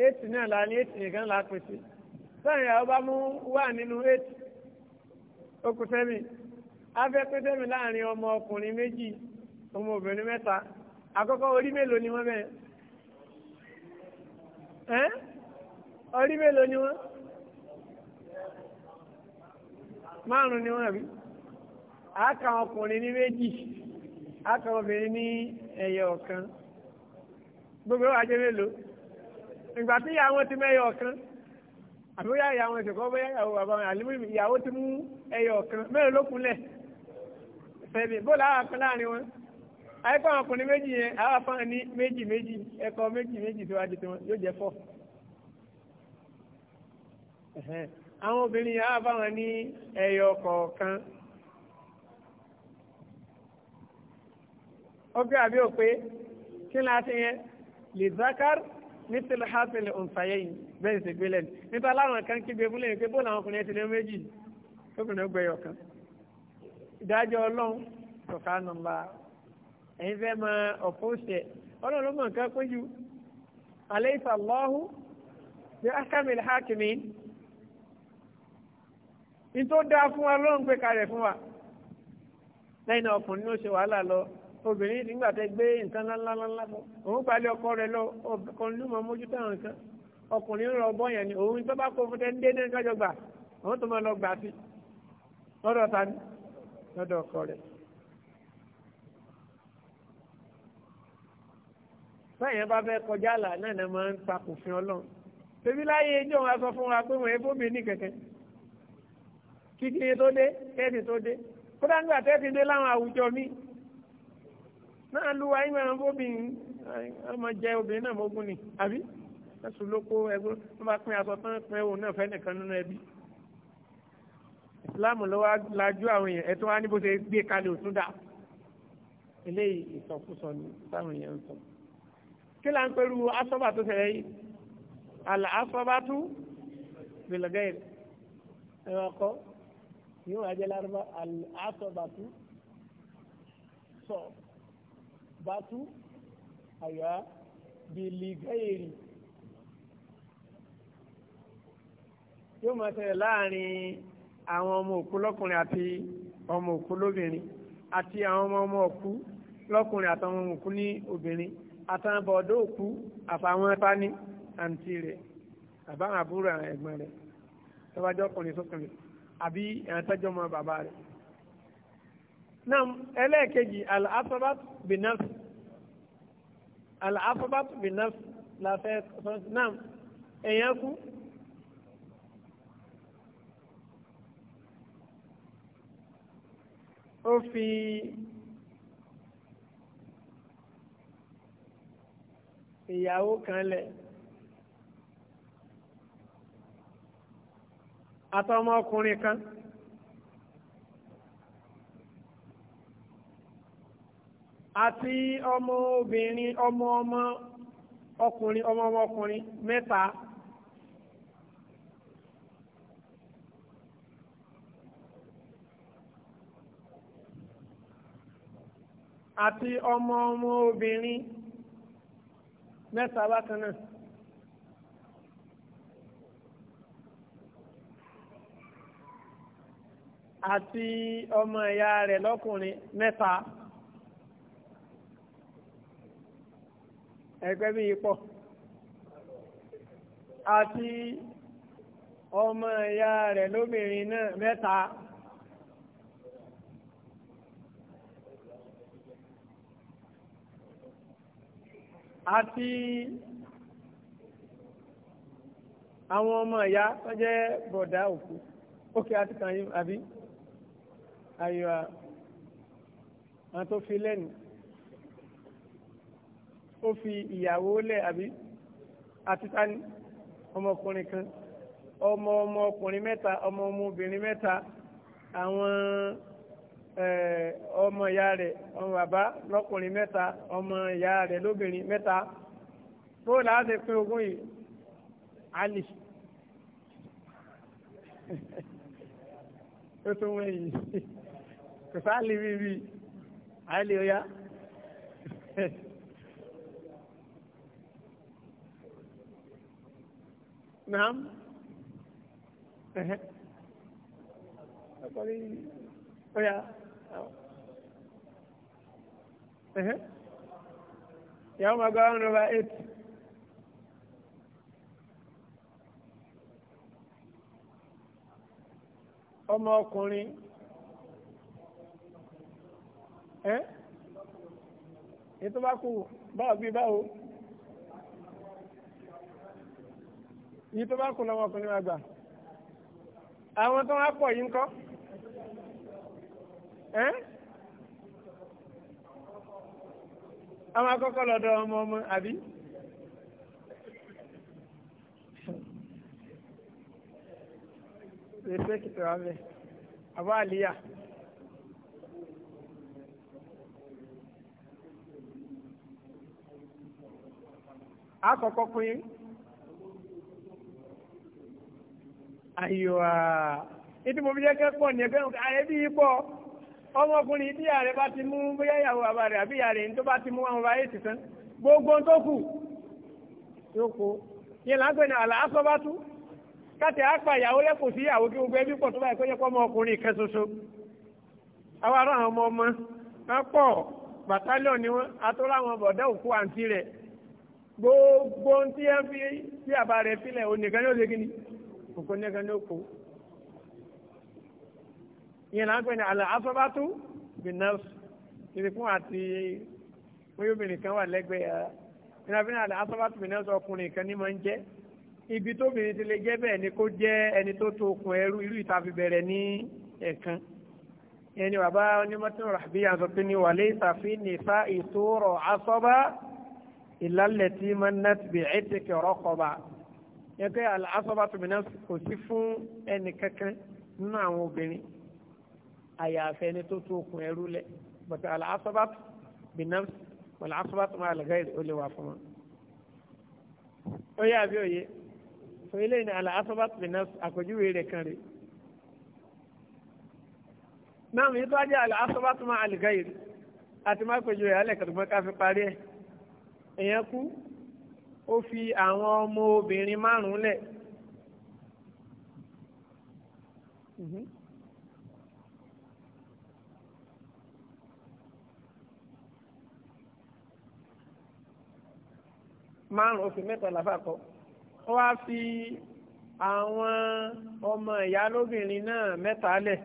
A: éètì náà la ní éètì nìkan làákùn sí sáyẹn àwọn bá mú wà nínú éètì okùn sẹ́mi afẹ́ pé sẹ́mi láàrin ọmọ ọkùnrin méjì ọmọ obìnrin mẹ́ta àkọ́kọ́ orí mélòó ni wọ́n bẹ̀rẹ̀ ẹ́ orí mélòó ni wọ́n. márùn ni wọ́n rí àáka ọkùnrin ní méjì àáka obìnrin ní ẹyọ ọ̀kan gbogbo wa jẹ́ mélòó ìgbà tí ìyá wọn ti mẹ́yọ ọ̀kan àbí yá ìyá wọn ìṣẹ̀kọ́ bóyá ìyàwó bàbá wọn àlùmí ìyàwó ti mú ẹyọ ọ̀kan mẹ́rin ló kúnlẹ̀ fẹ̀mí bóòlù àwọn kan láàrin wọn àyíkọ́ àwọn ọkùnrin méjì yẹn àwọn afáàn ní méjì méjì ẹ̀kọ́ méjì méjì tó wájú tiwọn yóò jẹ́ fọ́. àwọn obìnrin yà bá wọn ní ẹyọ kọ̀ọ̀kan ọgbẹ́ àbí òpé kí ni a ti lè zakar nítorí hafẹ́lẹ̀ òǹfàyẹ́ yìí bẹ́ẹ̀ sì gbélẹ̀ nípa láwọn kan kígbe fúnlẹ̀ pé bóòlù àwọn ọkùnrin ti lé méjì tókùnrin ọgbẹ́yọ̀ kan ìdájọ́ ọlọ́run kọ̀ọ̀kan nọmba ẹ̀yin fẹ́ máa ọ̀pọ̀ṣẹ̀ ọlọ́run ló mọ̀ nǹkan péjú alaysa ní tó dáa fún wa lọ́run pé kalẹ̀ fún wa lẹ́yìn náà ọkùnrin ló ṣe wàhálà lọ obìnrin nígbà tẹ gbé nǹkan ńláńláńlá lọ òun gbalẹ̀ ọkọ rẹ lọ ọkùnrin ló mọ mójútó àwọn nǹkan ọkùnrin ń rọ ọbọ yẹn ni òun tó bá kó fún tẹ́ni déédéé kájọ gbà òun tó máa lọ gbà sí lọ́dọ̀ ta ni lọ́dọ̀ ọkọ rẹ. báyẹn bá fẹ́ kọjá àlà náà ni máa ń takò fún ọlọ́run tèmi láyé ẹjọ́ wọn sọ fún wa pé wọ́n ẹ fóbi ní kẹ̀kẹ́ kíkiri tó dé kẹ́ẹ̀dì tó dé kódà nígbà tẹ́ẹ̀tì dé láwọn àwùjọ mi náà lu ayé mẹ́rin bóbìnrin ọmọ jẹ obìnrin náà mógún ni àbí ẹ̀sùn lóko ẹgbẹ́ wọn bá pín aṣọ tán pín òun náà fẹ́ nìkan nínú ẹbí ìsìláàmù ló wá lajú àwọn èèyàn ẹ̀tọ́ wa ní bó ṣe gbé kalẹ̀ òtún dà eléyìí ìsọkúsọ ni táwọn èèyàn ń sọ kí là ń pẹ̀lú asọ́bà tó ṣẹlẹ̀ yìí àlà asọ́bà tú bìlọ̀gẹ́rì ẹ̀rọ ọkọ̀ yóò wá jẹ́ lárúbá àtọ̀ bàtú sọ bàtú àyà bìlìgáyèrì yóò máa ṣẹlẹ̀ láàrin àwọn ọmọ òkú lọ́kùnrin àti ọmọ òkú lóbìnrin àti àwọn ọmọ ọmọ òkú lọ́kùnrin àtàwọn ọmọ òkú ní obìnrin àtàwọn bọ̀dọ̀ òkú àtàwọn tání àǹtí rẹ̀ àbáwọn àbúrò ẹ̀gbọ́n rẹ̀ tọ́wájọ́ ọkùnrin sókùnrin àbí àtọ́jọ́ mọ́ bàbá rẹ̀. náà ẹlẹ́ẹ̀kejì al-asabat binafs al-asabat binafs la fẹ́ sọ náà èèyàn kú. ó fi ìyàwó kan lẹ̀. àtọmọ ọkùnrin kan àti ọmọ obìnrin ọmọ ọmọ ọkùnrin ọmọ ọmọ ọkùnrin mẹ́ta àti ọmọ ọmọ obìnrin mẹ́ta bákan náà. àti ọmọ ìyá rẹ̀ lọ́kùnrin mẹ́ta ẹgbẹ́ bí ipò àti ọmọ ìyá rẹ̀ lóbìnrin náà mẹ́ta. àti àwọn ọmọ ìyá tó jẹ́ bọ̀dá òkú ókè àti kàn yín àbí ayọ̀ àwọn tó fi lẹ́nu ó fi ìyàwó lẹ̀ àbí àti tani ọmọkùnrin kan ọmọ ọmọkùnrin mẹ́ta ọmọ ọmọbìnrin mẹ́ta àwọn ọmọ ìyá rẹ̀ ọmọ bàbá lọ́kùnrin mẹ́ta ọmọ ìyá rẹ̀ lóbìnrin mẹ́ta tó láti pín ogún yìí Ali ó tún wọ̀nyí. kò sáà lè rí rí àyè lè yá. Naam. Ọ̀pọ̀lọpọ̀ ọ̀yà. Yàwó máa gba one over eight. Ọmọ ọkùnrin ẹ́ ètò bá kù báwo bí báwo yìí tó bá kù lọ́wọ́ ọkùnrin wa gbà àwọn tó wá pọ̀ yìí ń kọ́
B: ẹ́ àwọn akọ́kọ́
A: lọ́dọ̀ ọmọ ọmọ àbí. Ṣé pé kìtọ̀ wá
B: àkọ́kọ́ pín
A: àyíwá ìdí mo fi jẹ́ kẹ́pọ̀ ní ẹgbẹ́ àyẹ́bí pọ̀ ọmọkùnrin tí ààrẹ bá ti mú bóyá ìyàwó bàbá rẹ̀ àbí ìyá rẹ̀ tó bá ti mú àwọn ọba èsì tán gbogbo tó kù yóò kó yẹn lágbẹ́ ní àlà aṣọ bá tú káàtì àpà ìyàwó lẹ́kùn sí ìyàwó kí gbogbo ẹbí pọ̀ tó báyìí kó yẹ kó ọmọkùnrin kẹ ṣoṣo àwọn ará àwọn ọmọ ọmọ wọn pọ̀ bàtálíọ̀ ni wọn atọ́láwọn bọ̀dá òkú àǹtí rẹ̀ gbogbo tí ẹ fi tí àbá rẹ̀ sílẹ̀ onìkan yóò ṣe kí ni òkò nìkan yóò kó ìyẹn là ń pè ní àlà asọ́bátú bìnẹ́f ìrìkún àti wọ́n obìnrin kan wà lẹ́gbẹ̀ẹ́ ìrìnàfínà àlà asọ́bátú bìnẹ́f ọkùnrin kan ní máa ń jẹ́ ibi tóbìnrin ti lè jẹ́ bẹ́ẹ̀ ni kó jẹ́ ẹni tó to okùn ẹrú irú ìta fi bẹ̀rẹ̀ ní ẹ̀kan ẹni bàbá onímọ̀tò ràbíyà sọ pé ní wàlẹ́ ìsàfin nìsa ìtòrọ̀ asọ́bá illa allati mannat bi'itiki raqaba yẹn pé al-asabatu minas kò sí fún ẹnì kankan nínú àwọn obìnrin àyàfẹ́ ni tó tó okùn ẹrú lẹ̀ bàtà al-asabatu minas wal-asabatu ma al-ghayr ó lè wà fún wọn. ó yẹ àbí òye sọ eléyìí ni al-asabatu minas àpèjúwe rẹ̀ kan rèé náà mi tó ajé àlẹ́ asọ́bátúmọ̀ àlìgáyìí àti má pèjọ ẹ̀ alẹ́ kàdùmọ́ ká fi parí ẹ̀ èèyàn kú ó fi àwọn ọmọ obìnrin márùn-ún lẹ̀. Mm-hmm. márùn oṣù mẹ́ta làfà kọ ó wá fi àwọn ọmọ ìyá lóbìnrin náà mẹ́ta lẹ̀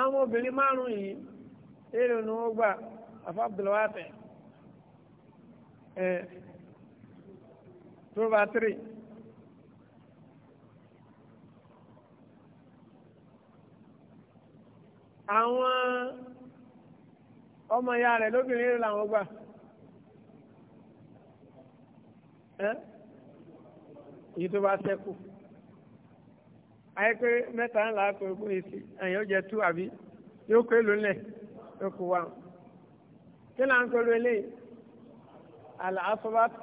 A: àwọn obìnrin márùn yìí èrò ni wọ́n gbà àfa abdulwafẹ ẹ tóba tiri àwọn ọmọ ya rẹ lóbìnrin èrò làwọn gbà ẹ èyí tó bá ṣẹ́kù ayé pé mẹ́ta ńlá kò gbóyè sí àyàn ó jẹ tú àbí yóò kó èlò ńlẹ̀ lóko wa kí là ń pẹ̀lú eléyìí àlàáfọ́bàtì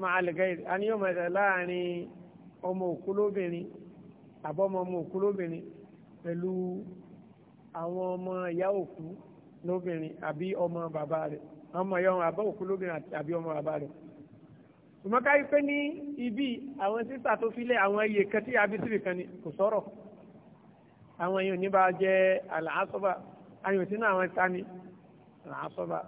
A: máa àlùgáyìí àní yóò máa dà láàrin ọmọ òkú lóbìnrin àbọ̀mọ ọmọ òkú lóbìnrin pẹ̀lú àwọn ọmọ ìyá òkú lóbìnrin àbí ọmọ bàbá rẹ̀ ọmọ ìyá ọmọ àbá òkú lóbìnrin àbí ọmọ bàbá rẹ̀ ìmọ̀ká yìí pé ní ibi àwọn sísà tó filẹ̀ àwọn iye kan abisiri kan ni kò sọ̀rọ̀ àwọn èèyàn ní bá jẹ́ àlàásọ́bà ayò sínú àwọn tani làá sọ́ba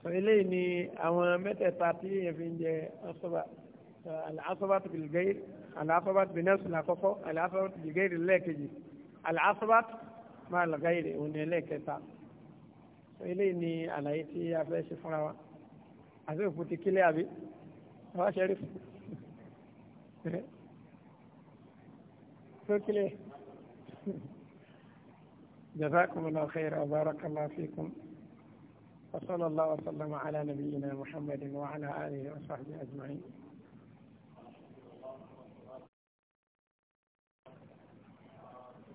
A: sọ eléyìí ni àwọn mẹ́tẹ̀ẹ̀ta tí èèyàn fi ń jẹ asọ́ba àlàásọ́ba tó bìlì gẹ́yìí àlàásọ́ba tó bìlì nẹ́sùn làkọ́kọ́ àlàásọ́ba tó bìlì gẹ́yìí lẹ́ẹ̀kejì àlàásọ́ba máa lọ gẹ́yìí òun ni ẹlẹ́ẹ̀kẹta sọ eléyìí ni àlàyé tí a fẹ́ ṣe fúnra wa àti òkú ti kílẹ̀ àbí wọ́n ṣe rí fún tó جزاكم الله خيرا وبارك الله فيكم وصلى الله وسلم على نبينا محمد وعلى آله وصحبه أجمعين